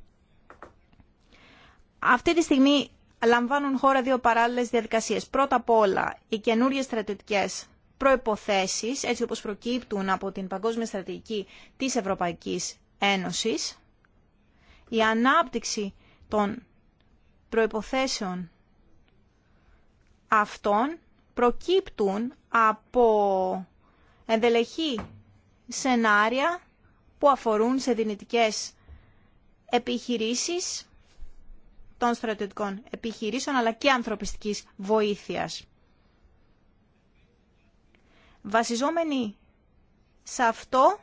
αυτή τη στιγμή λαμβάνουν χώρα δύο παράλληλες διαδικασίες. Πρώτα απ' όλα, οι καινούριε στρατιωτικές προϋποθέσεις, έτσι όπως προκύπτουν από την Παγκόσμια Στρατηγική της Ευρωπαϊκής Ένωσης, η ανάπτυξη των προϋποθέσεων αυτών προκύπτουν από ενδελεχή σενάρια που αφορούν σε δυνητικές επιχειρήσεις των στρατιωτικών επιχειρήσεων αλλά και ανθρωπιστικής βοήθειας. Βασιζόμενοι σε αυτό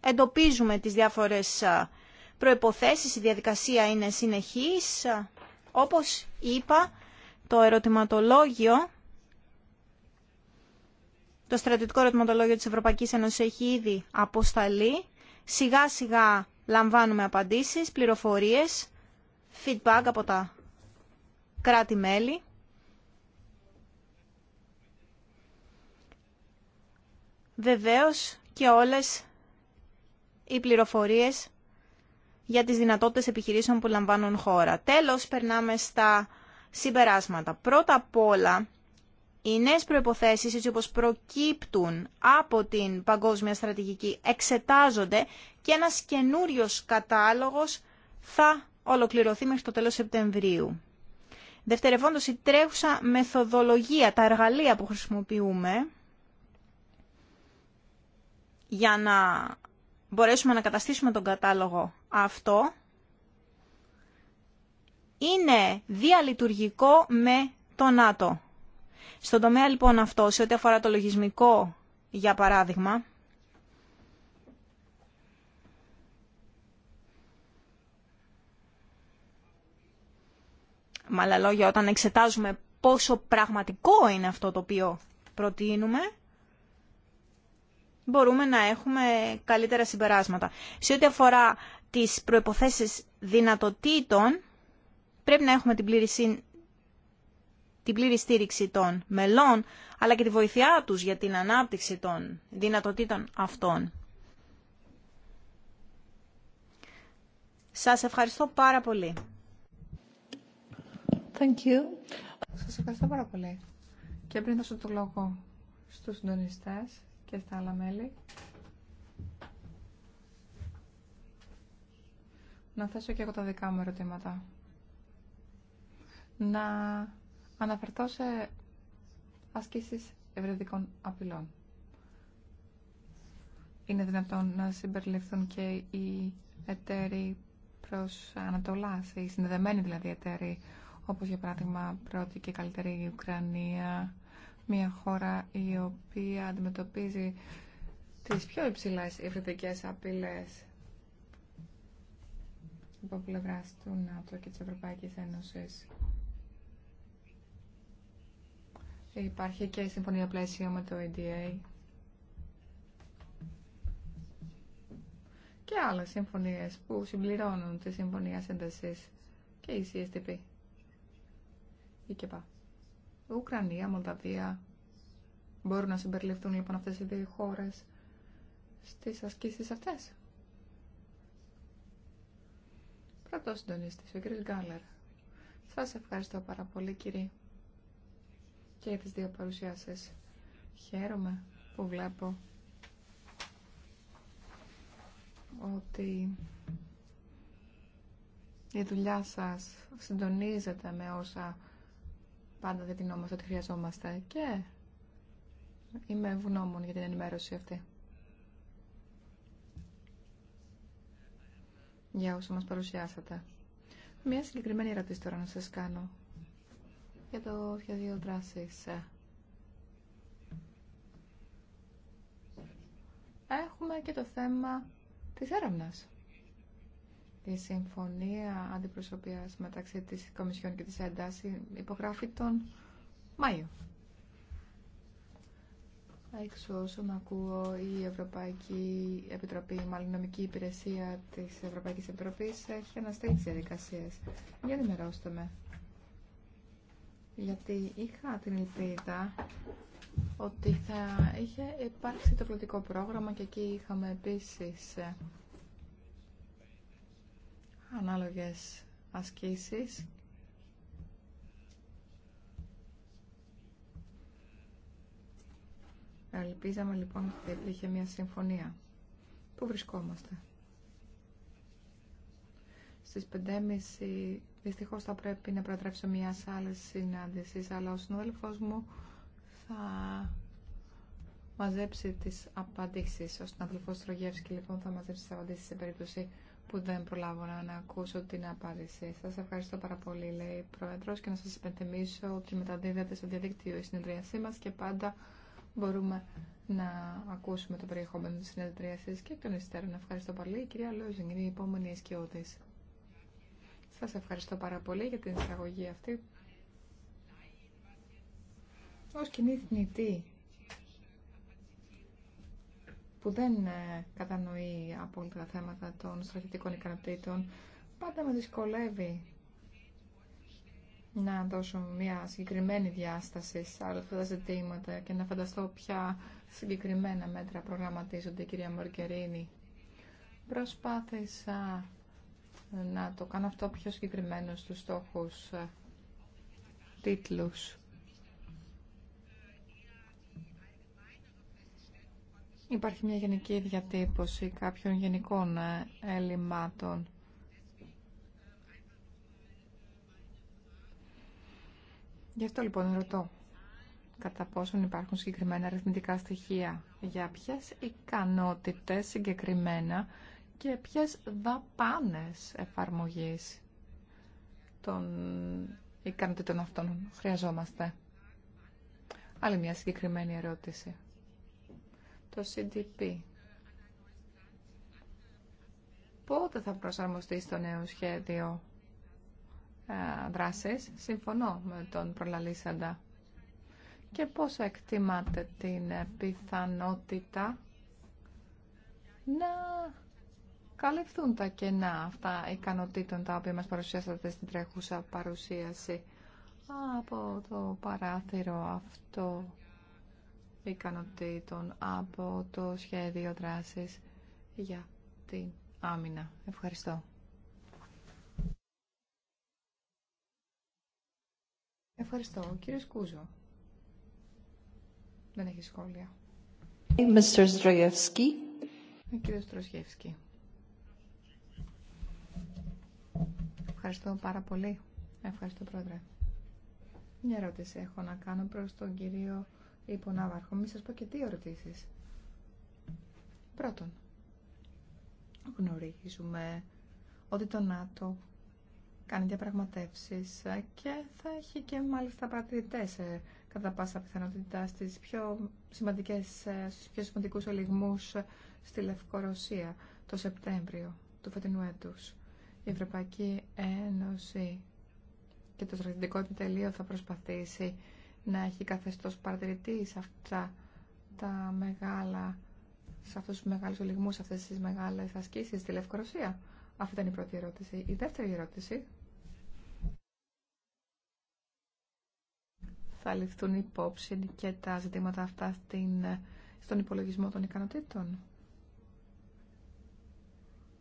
εντοπίζουμε τις διάφορες προϋποθέσεις, η διαδικασία είναι συνεχής. Όπως είπα, το ερωτηματολόγιο, το στρατιωτικό ερωτηματολόγιο της Ευρωπαϊκής Ένωσης έχει ήδη αποσταλεί. Σιγά σιγά λαμβάνουμε απαντήσεις, πληροφορίες, feedback από τα κράτη-μέλη. Βεβαίως και όλες οι πληροφορίες για τις δυνατότητες επιχειρήσεων που λαμβάνουν χώρα. Τέλος, περνάμε στα συμπεράσματα. Πρώτα απ' όλα, οι νέες προϋποθέσεις, έτσι όπως προκύπτουν από την παγκόσμια στρατηγική, εξετάζονται και ένας καινούριο κατάλογος θα ολοκληρωθεί μέχρι το τέλος Σεπτεμβρίου. Δευτερευόντως, η τρέχουσα μεθοδολογία, τα εργαλεία που χρησιμοποιούμε για να μπορέσουμε να καταστήσουμε τον κατάλογο αυτό, είναι διαλειτουργικό με το ΝΑΤΟ. Στον τομέα λοιπόν αυτό, σε ό,τι αφορά το λογισμικό, για παράδειγμα, με άλλα λόγια, όταν εξετάζουμε πόσο πραγματικό είναι αυτό το οποίο προτείνουμε, μπορούμε να έχουμε καλύτερα συμπεράσματα. Σε ό,τι αφορά τις προϋποθέσεις δυνατοτήτων, πρέπει να έχουμε την πλήρη, την πλήρη στήριξη των μελών, αλλά και τη βοηθειά τους για την ανάπτυξη των δυνατοτήτων αυτών. Σας ευχαριστώ πάρα πολύ. Thank you. Σας ευχαριστώ πάρα πολύ. Και πριν δώσω το λόγο στους συντονιστές, και στα άλλα μέλη. Να θέσω και εγώ τα δικά μου ερωτήματα. Να αναφερθώ σε ασκήσεις ευρετικών απειλών. Είναι δυνατόν να συμπεριληφθούν και οι εταίροι προς Ανατολάς, οι συνδεδεμένοι δηλαδή εταίροι, όπως για παράδειγμα πρώτη και καλύτερη Ουκρανία, μια χώρα η οποία αντιμετωπίζει τις πιο υψηλές υβριδικές απειλές από πλευρά του ΝΑΤΟ και της Ευρωπαϊκής Ένωσης. Υπάρχει και η συμφωνία πλαίσιο με το EDA και άλλες συμφωνίες που συμπληρώνουν τη συμφωνία ένταση και η CSTP. Η Ουκρανία, Μολδαβία μπορούν να συμπεριληφθούν λοιπόν αυτές οι δύο χώρες στις ασκήσεις αυτές. Πρώτο συντονίστης, ο κύριος Γκάλερ. Σας ευχαριστώ πάρα πολύ κύριε και για τις δύο παρουσιάσεις. Χαίρομαι που βλέπω ότι η δουλειά σας συντονίζεται με όσα Πάντα δεν δεδεινόμαστε ότι χρειαζόμαστε και είμαι ευγνώμων για την ενημέρωση αυτή. Για όσο μας παρουσιάσατε. Μια συγκεκριμένη ερώτηση τώρα να σας κάνω για το σχέδιο δράσης. Έχουμε και το θέμα της έρευνας. Η συμφωνία αντιπροσωπείας μεταξύ της Κομισιόν και της ΕΝΤΑΣ υπογράφει τον Μάιο. Εξ όσων ακούω, η Ευρωπαϊκή Επιτροπή, η Μαλλινομική Υπηρεσία της Ευρωπαϊκής Επιτροπής έχει αναστείλει τις διαδικασίες. Για ενημερώστε με. Γιατί είχα την ελπίδα ότι θα είχε υπάρξει το πολιτικό πρόγραμμα και εκεί είχαμε επίσης ανάλογες ασκήσεις Ελπίζαμε λοιπόν ότι θα υπήρχε μια συμφωνία. Πού βρισκόμαστε. Στις 5.30 δυστυχώς θα πρέπει να προτρέψω μια άλλη συνάντηση, αλλά ο συνοδελφός μου θα μαζέψει τις απαντήσεις. Ο συνοδελφός Τρογεύσκη λοιπόν θα μαζέψει τις απαντήσεις σε περίπτωση που δεν προλάβω να, ακούσω την απάντησή Σα Ευχαριστώ πάρα πολύ, λέει η Πρόεδρος, και να σα υπενθυμίσω ότι μεταδίδεται στο διαδίκτυο η συνεδρίασή μα και πάντα μπορούμε να ακούσουμε το περιεχόμενο της συνεδρίασή και των υστέρων. Ευχαριστώ πολύ. Η κυρία Λόζινγκ είναι η επόμενη Σα ευχαριστώ πάρα πολύ για την εισαγωγή αυτή. Ω κοινή θνητή που δεν ε, κατανοεί απόλυτα τα θέματα των στρατιωτικών ικανοτήτων, πάντα με δυσκολεύει να δώσω μια συγκεκριμένη διάσταση σε όλα αυτά τα ζητήματα και να φανταστώ ποια συγκεκριμένα μέτρα προγραμματίζονται, κυρία Μορκερίνη. Προσπάθησα να το κάνω αυτό πιο συγκεκριμένο στους στόχους ε, τίτλους. Υπάρχει μια γενική διατύπωση κάποιων γενικών ε, ελλημάτων. Γι' αυτό λοιπόν ρωτώ κατά πόσον υπάρχουν συγκεκριμένα αριθμητικά στοιχεία για ποιες ικανότητες συγκεκριμένα και ποιες δαπάνες εφαρμογής των ικανότητων αυτών χρειαζόμαστε. Άλλη μια συγκεκριμένη ερώτηση το CDP. Πότε θα προσαρμοστεί στο νέο σχέδιο ε, δράσεις, συμφωνώ με τον προλαλήσαντα. Και πώς εκτιμάτε την πιθανότητα να καλυφθούν τα κενά αυτά ικανοτήτων τα οποία μας παρουσιάσατε στην τρέχουσα παρουσίαση από το παράθυρο αυτό ικανοτήτων από το σχέδιο δράσης για την άμυνα. Ευχαριστώ. Ευχαριστώ. Κύριε Σκούζο. Δεν έχει σχόλια. Mr. Zdrojewski. Ε, κύριε Στροσχεύσκη. Ευχαριστώ πάρα πολύ. Ευχαριστώ, Πρόεδρε. Μια ερώτηση έχω να κάνω προς τον κύριο Λοιπόν, Ναύαρχο, μη σας πω και δύο ερωτήσεις. Πρώτον, γνωρίζουμε ότι το ΝΑΤΟ κάνει διαπραγματεύσει και θα έχει και μάλιστα παρατηρητέ ε, κατά πάσα πιθανότητα στις πιο σημαντικές, ε, στους πιο σημαντικούς ολιγμούς στη Λευκορωσία το Σεπτέμβριο του φετινού έτους. Η Ευρωπαϊκή Ένωση και το στρατιωτικό επιτελείο θα προσπαθήσει να έχει καθεστώς παρατηρητή σε αυτά τα μεγάλα, σε αυτούς τους μεγάλους ολιγμούς, σε αυτές τις μεγάλες ασκήσεις στη Λευκορωσία. Αυτή ήταν η πρώτη ερώτηση. Η δεύτερη ερώτηση. Θα ληφθούν υπόψη και τα ζητήματα αυτά στην, στον υπολογισμό των ικανοτήτων.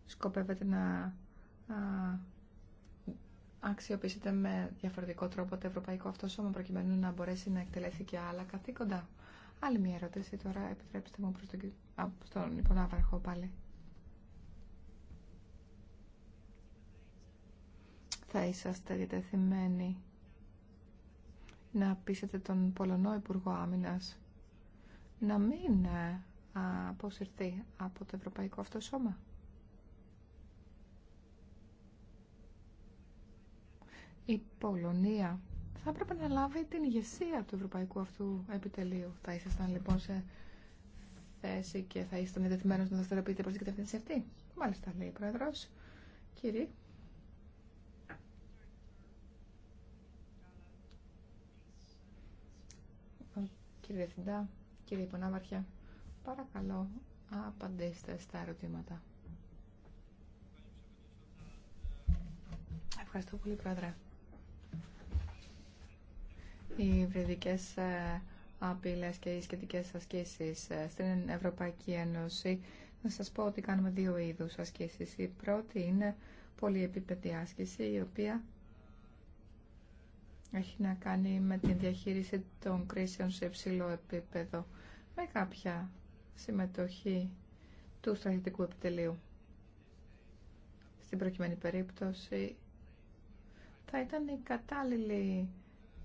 Σκοπεύετε να αξιοποιήσετε με διαφορετικό τρόπο το Ευρωπαϊκό αυτό σώμα προκειμένου να μπορέσει να εκτελέσει και άλλα καθήκοντα. Άλλη μια ερώτηση τώρα, επιτρέψτε μου προς τον, Α, στον υπονάβαρχο πάλι. Θα είσαστε διατεθειμένοι να πείσετε τον Πολωνό Υπουργό Άμυνας να μην ε, αποσυρθεί από το Ευρωπαϊκό αυτό σώμα. η Πολωνία θα έπρεπε να λάβει την ηγεσία του ευρωπαϊκού αυτού επιτελείου. Θα ήσασταν λοιπόν σε θέση και θα ήσασταν εντεθειμένος να δραστηριοποιείτε προς την κατεύθυνση αυτή. Μάλιστα, λέει η Πρόεδρος. Κύριε. Κύριε Διευθυντά, κύριε Υπονάμαρχε, παρακαλώ απαντήστε στα ερωτήματα. Ευχαριστώ πολύ, Πρόεδρε οι υβριδικές ε, απειλές και οι σχετικέ ασκήσεις ε, στην Ευρωπαϊκή Ένωση. Να σας πω ότι κάνουμε δύο είδους ασκήσεις. Η πρώτη είναι πολυεπίπεδη άσκηση, η οποία έχει να κάνει με τη διαχείριση των κρίσεων σε υψηλό επίπεδο, με κάποια συμμετοχή του στρατιωτικού επιτελείου. Στην προκειμένη περίπτωση θα ήταν η κατάλληλη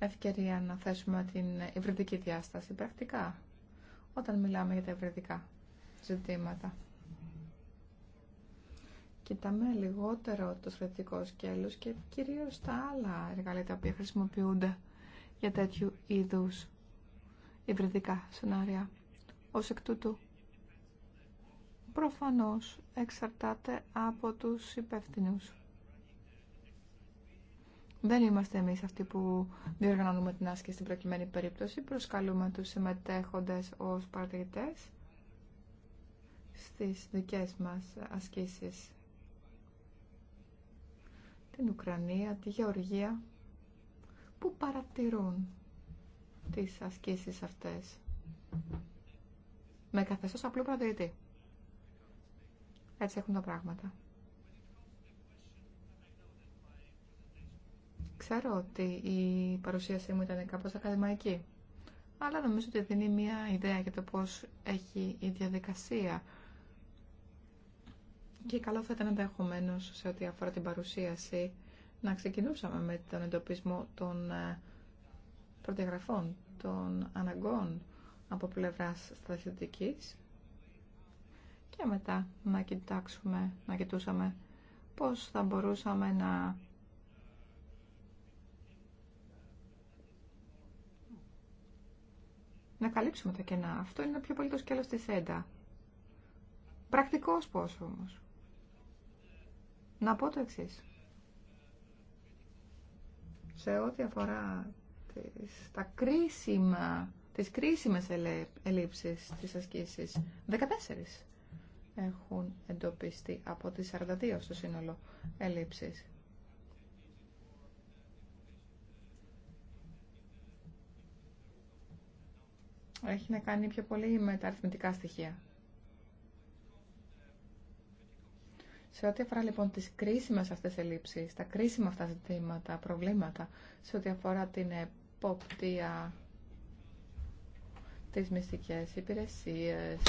ευκαιρία να θέσουμε την υβριδική διάσταση πρακτικά όταν μιλάμε για τα υβριδικά ζητήματα. Κοιτάμε λιγότερο το σχετικό σκέλος και κυρίως τα άλλα εργαλεία τα οποία χρησιμοποιούνται για τέτοιου είδους υβριδικά σενάρια. Ως εκ τούτου, προφανώς εξαρτάται από τους υπεύθυνους δεν είμαστε εμεί αυτοί που διοργανώνουμε την άσκηση στην προκειμένη περίπτωση. Προσκαλούμε του συμμετέχοντε ως παρατηρητέ στις δικές μας ασκήσεις. Την Ουκρανία, τη Γεωργία, που παρατηρούν τις ασκήσεις αυτές. Με καθεστώ απλού παρατηρητή. Έτσι έχουν τα πράγματα. Ξέρω ότι η παρουσίασή μου ήταν κάπως ακαδημαϊκή, αλλά νομίζω ότι δίνει μια ιδέα για το πώς έχει η διαδικασία. Και καλό θα ήταν ενδεχομένω σε ό,τι αφορά την παρουσίαση να ξεκινούσαμε με τον εντοπισμό των ε, προδιαγραφών, των αναγκών από πλευράς στρατιωτικής και μετά να κοιτάξουμε, να κοιτούσαμε πώς θα μπορούσαμε να να καλύψουμε τα κενά. Αυτό είναι πιο πολύ το σκέλος της ΕΝΤΑ. Πρακτικός πώς όμως. Να πω το εξή. Σε ό,τι αφορά τις, τα κρίσιμα, τις κρίσιμες ελλείψεις της ασκήσης, 14 έχουν εντοπιστεί από τις 42 στο σύνολο ελλείψεις. έχει να κάνει πιο πολύ με τα αριθμητικά στοιχεία. Σε ό,τι αφορά λοιπόν τις κρίσιμες αυτές ελλείψεις, τα κρίσιμα αυτά ζητήματα, προβλήματα, σε ό,τι αφορά την εποπτεία, τις μυστικές υπηρεσίες,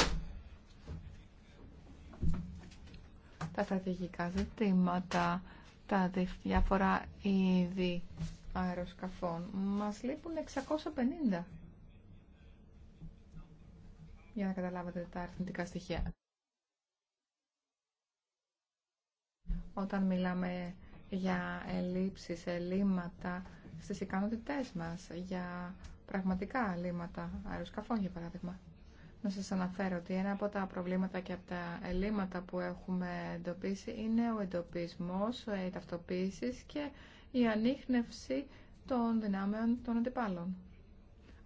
τα στρατηγικά ζητήματα, τα διάφορα είδη αεροσκαφών. Μας λείπουν 650 για να καταλάβετε τα αριθμητικά στοιχεία. Όταν μιλάμε για ελλείψεις, ελλείμματα στις ικανότητές μας, για πραγματικά ελλείμματα αεροσκαφών για παράδειγμα. Να σας αναφέρω ότι ένα από τα προβλήματα και από τα ελλείμματα που έχουμε εντοπίσει είναι ο εντοπισμός, η ε, ταυτοποίηση και η ανείχνευση των δυνάμεων των αντιπάλων.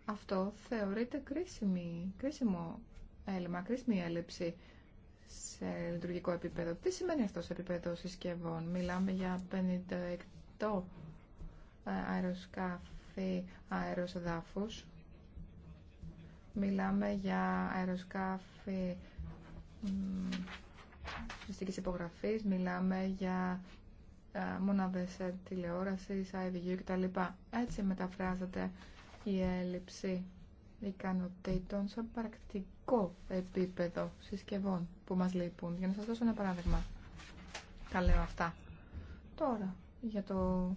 Αυτό θεωρείται κρίσιμη, κρίσιμο έλλειμμα, κρίσιμη έλλειψη σε λειτουργικό επίπεδο. Τι σημαίνει αυτό σε επίπεδο συσκευών. Μιλάμε για 58 ε, αεροσκάφη αεροσδάφους. Μιλάμε για αεροσκάφη φυσικής υπογραφής, μιλάμε για ε, μονάδες ε, τηλεόρασης, IVU κτλ. Έτσι μεταφράζεται η έλλειψη ικανοτήτων σε πρακτικό επίπεδο συσκευών που μας λείπουν. Για να σας δώσω ένα παράδειγμα. Τα λέω αυτά. Τώρα, για το...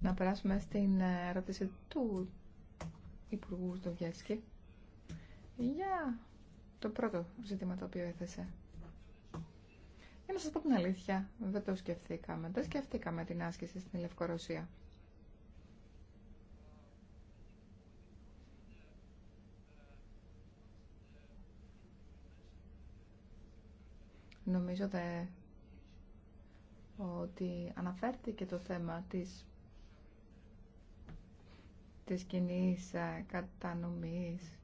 Να περάσουμε στην ερώτηση του Υπουργού Στοβιέσκη για το πρώτο ζήτημα το οποίο έθεσε. Για να σας πω την αλήθεια, δεν το σκεφτήκαμε. Δεν σκεφτήκαμε την άσκηση στην Λευκορωσία. Νομίζω δε ότι αναφέρθηκε το θέμα της της κοινή ε, κατανομής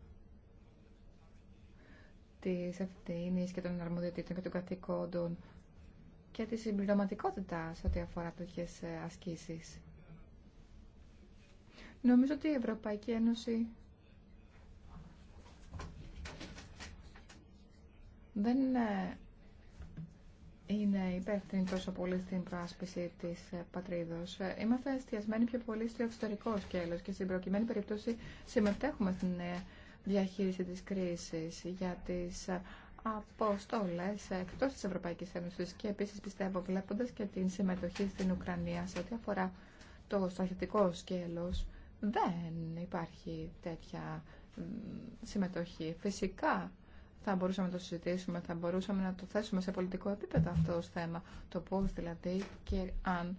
της ευθύνης και των αρμοδιοτήτων και των καθηκόντων και τη συμπληρωματικότητα σε ό,τι αφορά τέτοιε ασκήσει. Νομίζω ότι η Ευρωπαϊκή Ένωση δεν ε, είναι υπεύθυνη τόσο πολύ στην προάσπιση της ε, πατρίδος. Ε, είμαστε εστιασμένοι πιο πολύ στο εξωτερικό σκέλος και στην προκειμένη περίπτωση συμμετέχουμε στην διαχείριση της κρίσης για τις αποστολές εκτός τη Ευρωπαϊκής Ένωση και επίσης πιστεύω βλέποντας και την συμμετοχή στην Ουκρανία σε ό,τι αφορά το σταθετικό σκέλος δεν υπάρχει τέτοια συμμετοχή. Φυσικά θα μπορούσαμε να το συζητήσουμε, θα μπορούσαμε να το θέσουμε σε πολιτικό επίπεδο αυτό το θέμα, το πώς δηλαδή και αν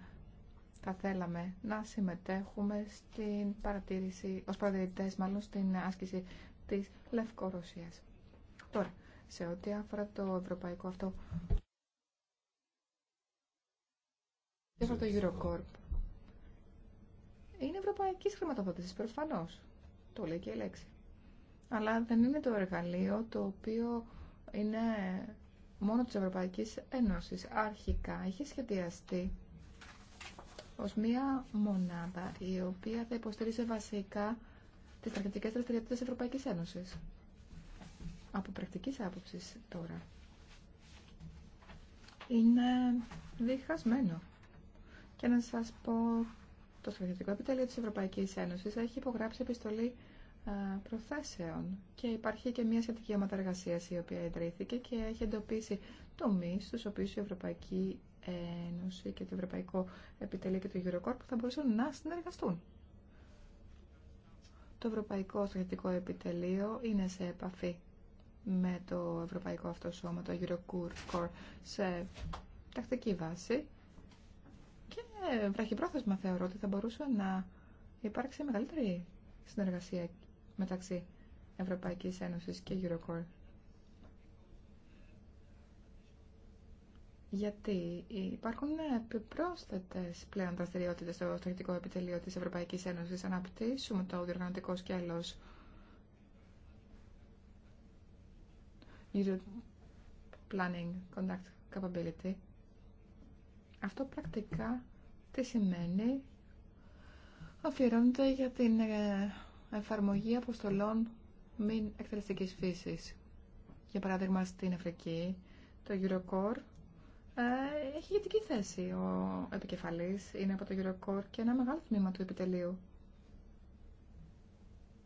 θα θέλαμε να συμμετέχουμε στην παρατήρηση, ως παρατηρητές μάλλον στην άσκηση της Λευκορωσίας. Τώρα, σε ό,τι αφορά το ευρωπαϊκό αυτό. Και το Eurocorp. Είναι ευρωπαϊκή χρηματοδότηση, προφανώ. Το λέει και η λέξη. Αλλά δεν είναι το εργαλείο το οποίο είναι μόνο της Ευρωπαϊκής Ένωσης. Αρχικά έχει σχεδιαστεί ως μία μονάδα η οποία θα υποστηρίζει βασικά τις στρατιωτικές δραστηριότητες της Ευρωπαϊκής Ένωσης από πρακτική άποψη τώρα είναι διχασμένο. Και να σας πω, το Στρατιωτικό Επιτελείο της Ευρωπαϊκής Ένωσης έχει υπογράψει επιστολή προθέσεων και υπάρχει και μια σχετική ομάδα εργασία η οποία ιδρύθηκε και έχει εντοπίσει τομεί στους οποίους η Ευρωπαϊκή Ένωση και το Ευρωπαϊκό Επιτελείο και το Eurocorp θα μπορούσαν να συνεργαστούν. Το Ευρωπαϊκό Στρατιωτικό Επιτελείο είναι σε επαφή με το Ευρωπαϊκό αυτό σώμα, το Eurocore, σε τακτική βάση. Και βραχυπρόθεσμα θεωρώ ότι θα μπορούσε να υπάρξει μεγαλύτερη συνεργασία μεταξύ Ευρωπαϊκής Ένωσης και Eurocore. Γιατί υπάρχουν επιπρόσθετε πλέον δραστηριότητε στο στρατιωτικό επιτελείο τη Ευρωπαϊκή Ένωση. Αναπτύσσουμε το διοργανωτικό σκέλο user planning conduct capability. Αυτό πρακτικά τι σημαίνει αφιερώνεται για την ε, εφαρμογή αποστολών μη εκτελεστικής φύσης. Για παράδειγμα στην Αφρική, το Eurocore ε, έχει ηγετική θέση ο επικεφαλής, είναι από το Eurocore και ένα μεγάλο τμήμα του επιτελείου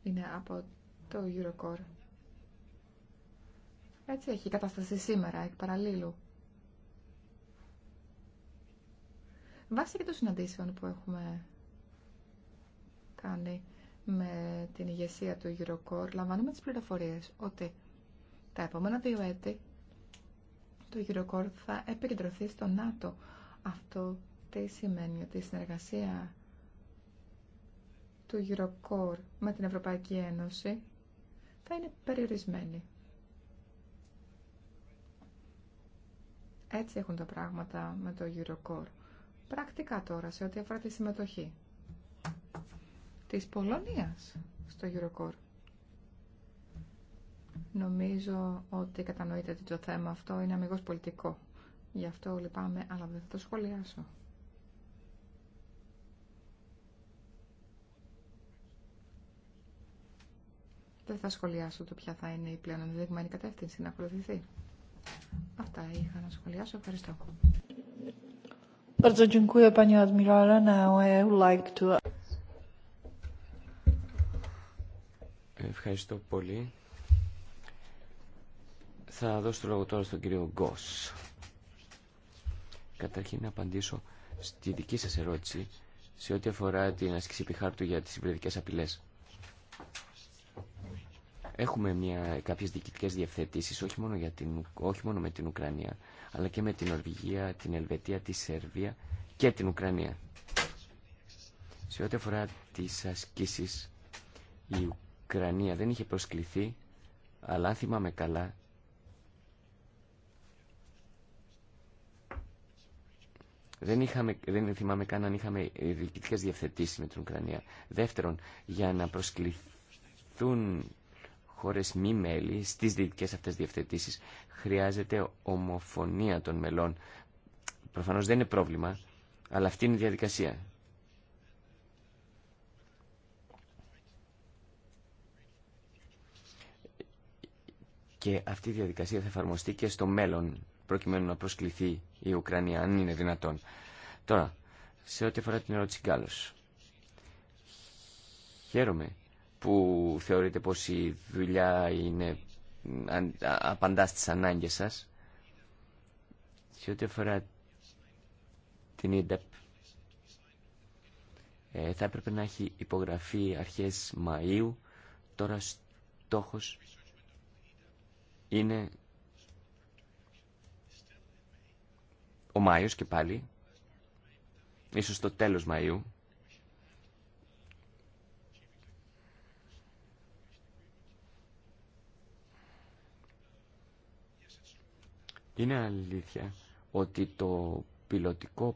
είναι από το Eurocore. Έτσι έχει η κατάσταση σήμερα, εκ παραλίλου. Βάσει και των συναντήσεων που έχουμε κάνει με την ηγεσία του Eurocore, λαμβάνουμε τις πληροφορίες ότι τα επόμενα δύο έτη το Eurocore θα επικεντρωθεί στο ΝΑΤΟ. Αυτό τι σημαίνει ότι η συνεργασία του Eurocore με την Ευρωπαϊκή Ένωση θα είναι περιορισμένη. Έτσι έχουν τα πράγματα με το Eurocore. Πρακτικά τώρα σε ό,τι αφορά τη συμμετοχή της Πολωνίας στο Eurocore. Νομίζω ότι κατανοείτε ότι το θέμα αυτό είναι αμυγός πολιτικό. Γι' αυτό λυπάμαι, αλλά δεν θα το σχολιάσω. Δεν θα σχολιάσω το ποια θα είναι η πλέον ενδεδειγμένη κατεύθυνση να ακολουθηθεί. Αυτά είχα να σχολιάσω. Ευχαριστώ. Bardzo dziękuję Pani Admirale. Now I like to... Ευχαριστώ πολύ. Θα δώσω το λόγο τώρα στον κύριο Γκος. Καταρχήν να απαντήσω στη δική σας ερώτηση σε ό,τι αφορά την άσκηση επιχάρτου για τις υπηρετικές απειλές. Έχουμε μια, κάποιες διοικητικές διευθετήσεις όχι μόνο, για την, όχι μόνο με την Ουκρανία αλλά και με την Ορβηγία, την Ελβετία, τη Σερβία και την Ουκρανία. Σε ό,τι αφορά τις ασκήσεις η Ουκρανία δεν είχε προσκληθεί αλλά αν θυμάμαι καλά Δεν, είχαμε, δεν θυμάμαι καν αν είχαμε διοικητικέ διευθετήσει με την Ουκρανία. Δεύτερον, για να προσκληθούν χώρες μη μέλη στις δυτικές αυτές διευθετήσεις χρειάζεται ομοφωνία των μελών. Προφανώ δεν είναι πρόβλημα, αλλά αυτή είναι η διαδικασία. Και αυτή η διαδικασία θα εφαρμοστεί και στο μέλλον, προκειμένου να προσκληθεί η Ουκρανία, αν είναι δυνατόν. Τώρα, σε ό,τι αφορά την ερώτηση Γκάλος. Χαίρομαι που θεωρείτε πως η δουλειά είναι, απαντά στις ανάγκες σας. Σε ό,τι αφορά την ΕΔΕΠ, ε, θα έπρεπε να έχει υπογραφεί αρχές Μαΐου. Τώρα στόχος είναι ο Μάιος και πάλι, ίσως το τέλος Μαΐου. Είναι αλήθεια ότι το πιλωτικό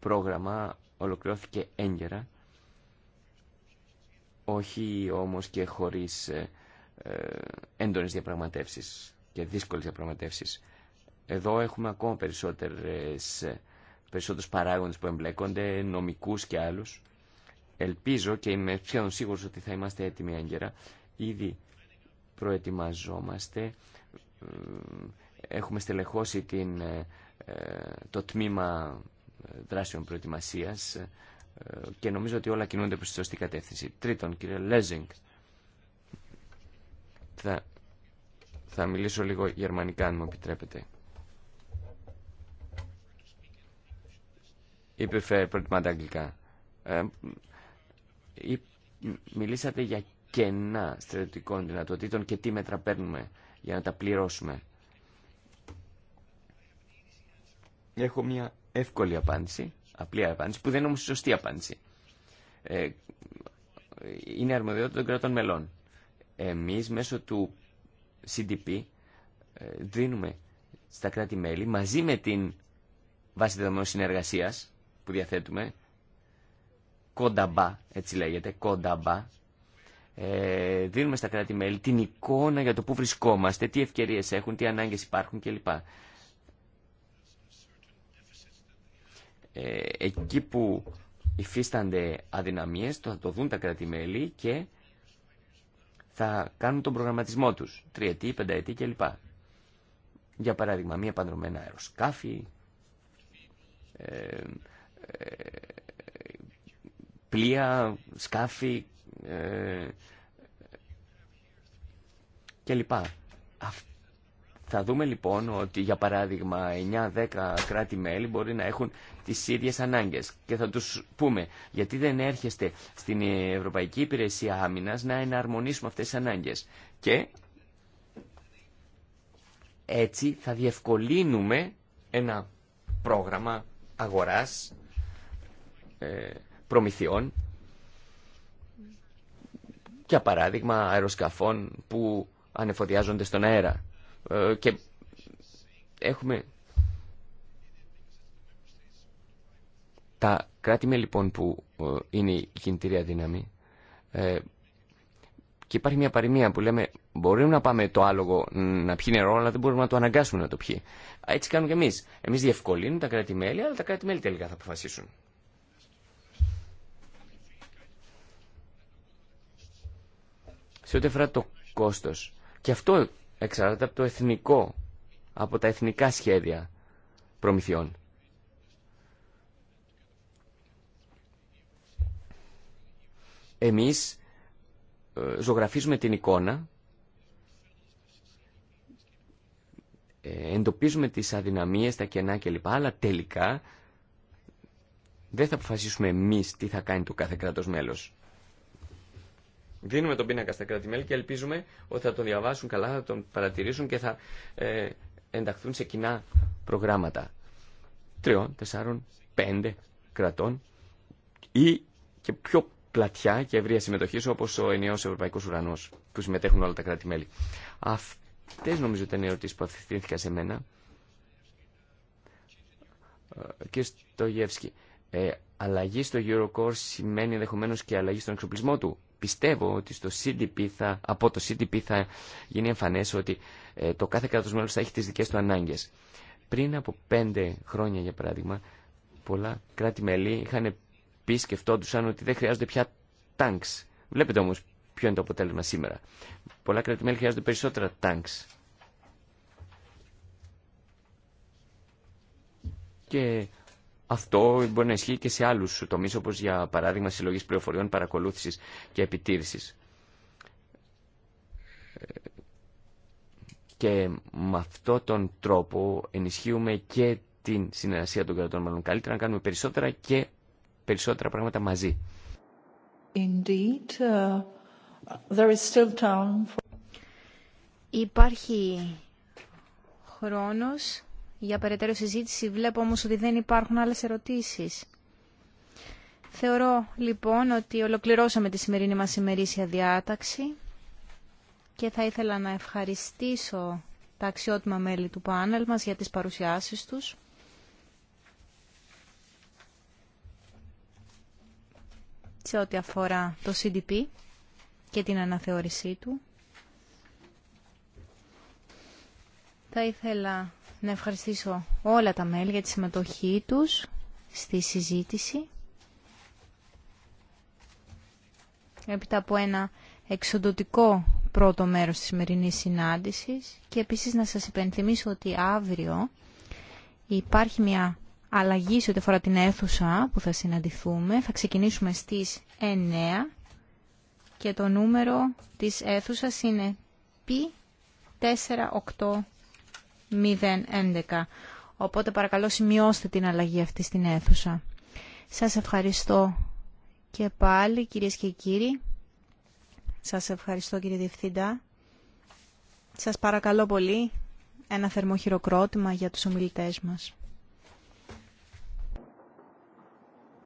πρόγραμμα ολοκληρώθηκε έγκαιρα, όχι όμως και χωρίς ε, ε, έντονες διαπραγματεύσεις και δύσκολες διαπραγματεύσεις. Εδώ έχουμε ακόμα περισσότερες, περισσότερους παράγοντες που εμπλέκονται, νομικούς και άλλους. Ελπίζω και είμαι σχεδόν σίγουρος ότι θα είμαστε έτοιμοι έγκαιρα. Ήδη προετοιμαζόμαστε Έχουμε στελεχώσει την, ε, ε, το τμήμα ε, δράσεων προετοιμασίας και νομίζω ότι όλα κινούνται προς τη σωστή κατεύθυνση. Τρίτον, κύριε Λέζινγκ, θα, θα μιλήσω λίγο γερμανικά αν μου επιτρέπετε. Είπε προτιμάτε αγγλικά. Ε, μιλήσατε για κενά στρατιωτικών δυνατοτήτων και τι μέτρα παίρνουμε για να τα πληρώσουμε. έχω μια εύκολη απάντηση, απλή απάντηση, που δεν είναι όμως σωστή απάντηση. Ε, είναι αρμοδιότητα των κρατών μελών. Εμείς μέσω του CDP ε, δίνουμε στα κράτη-μέλη μαζί με την βάση δεδομένων συνεργασίας που διαθέτουμε, κονταμπά, έτσι λέγεται, κονταμπά, ε, δίνουμε στα κράτη-μέλη την εικόνα για το πού βρισκόμαστε, τι ευκαιρίες έχουν, τι ανάγκες υπάρχουν κλπ. Ε, εκεί που υφίστανται αδυναμίες το θα το δουν τα κρατη και θα κάνουν τον προγραμματισμό τους, τριετή, πενταετή κλπ. Για παράδειγμα, μία πανδρομένα αεροσκάφη, ε, ε, πλοία, σκάφη κλπ. Θα δούμε λοιπόν ότι για παράδειγμα 9-10 κράτη-μέλη μπορεί να έχουν τις ίδιες ανάγκες και θα τους πούμε γιατί δεν έρχεστε στην Ευρωπαϊκή Υπηρεσία Άμυνας να εναρμονίσουμε αυτές τις ανάγκες και έτσι θα διευκολύνουμε ένα πρόγραμμα αγοράς ε, προμηθειών για παράδειγμα αεροσκαφών που ανεφοδιάζονται στον αέρα. Ε, και έχουμε τα κράτη-μέλη λοιπόν που ε, είναι η κινητήρια δύναμη ε, και υπάρχει μια παροιμία που λέμε μπορούμε να πάμε το άλογο να πιει νερό αλλά δεν μπορούμε να το αναγκάσουμε να το πιει. Έτσι κάνουμε και εμείς. Εμείς διευκολύνουμε τα κράτη-μέλη αλλά τα κράτη-μέλη τελικά θα αποφασίσουν. Σε ό,τι αφορά το κόστος. Και αυτό εξαρτάται από το εθνικό, από τα εθνικά σχέδια προμηθειών. Εμείς ε, ζωγραφίζουμε την εικόνα, ε, εντοπίζουμε τις αδυναμίες, τα κενά κλπ. Αλλά τελικά δεν θα αποφασίσουμε εμείς τι θα κάνει το κάθε κράτος μέλος. Δίνουμε τον πίνακα στα κράτη-μέλη και ελπίζουμε ότι θα τον διαβάσουν καλά, θα τον παρατηρήσουν και θα ε, ενταχθούν σε κοινά προγράμματα. Τριών, τεσσάρων, πέντε κρατών ή και πιο πλατιά και ευρεία συμμετοχή όπω ο ενιαίο Ευρωπαϊκό Ουρανό που συμμετέχουν όλα τα κράτη-μέλη. Αυτέ νομίζω ήταν οι ερωτήσει που αφηθήθηκαν σε μένα. Ε, Κύριε Στογεύσκη, Ε, αλλαγή στο Eurocore σημαίνει ενδεχομένω και αλλαγή στον εξοπλισμό του πιστεύω ότι στο CDP θα, από το CDP θα γίνει εμφανές ότι ε, το κάθε κράτος μέλος θα έχει τις δικές του ανάγκες. Πριν από πέντε χρόνια, για παράδειγμα, πολλά κράτη-μελή είχαν πει, σκεφτόντουσαν ότι δεν χρειάζονται πια τάγκ. Βλέπετε όμως ποιο είναι το αποτέλεσμα σήμερα. Πολλά κράτη-μέλη χρειάζονται περισσότερα τάγκ. Και αυτό μπορεί να ισχύει και σε άλλου τομεί, όπω για παράδειγμα συλλογή πληροφοριών, παρακολούθηση και επιτήρηση. Και με αυτόν τον τρόπο ενισχύουμε και την συνεργασία των κρατών μάλλον καλύτερα, να κάνουμε περισσότερα και περισσότερα πράγματα μαζί. Indeed, uh, there is still time Υπάρχει χρόνος για περαιτέρω συζήτηση. Βλέπω όμως ότι δεν υπάρχουν άλλες ερωτήσεις. Θεωρώ λοιπόν ότι ολοκληρώσαμε τη σημερινή μας ημερήσια διάταξη και θα ήθελα να ευχαριστήσω τα αξιότιμα μέλη του πάνελ μας για τις παρουσιάσεις τους. σε ό,τι αφορά το CDP και την αναθεώρησή του. Θα ήθελα να ευχαριστήσω όλα τα μέλη για τη συμμετοχή τους στη συζήτηση. Έπειτα από ένα εξοντοτικό πρώτο μέρος της σημερινή συνάντησης και επίσης να σας υπενθυμίσω ότι αύριο υπάρχει μια αλλαγή σε ό,τι αφορά την αίθουσα που θα συναντηθούμε. Θα ξεκινήσουμε στις 9 και το νούμερο της αίθουσας είναι π485. 011. Οπότε παρακαλώ σημειώστε την αλλαγή αυτή στην αίθουσα. Σας ευχαριστώ και πάλι κυρίες και κύριοι. Σας ευχαριστώ κύριε Διευθύντα. Σας παρακαλώ πολύ ένα θερμό χειροκρότημα για τους ομιλητές μας.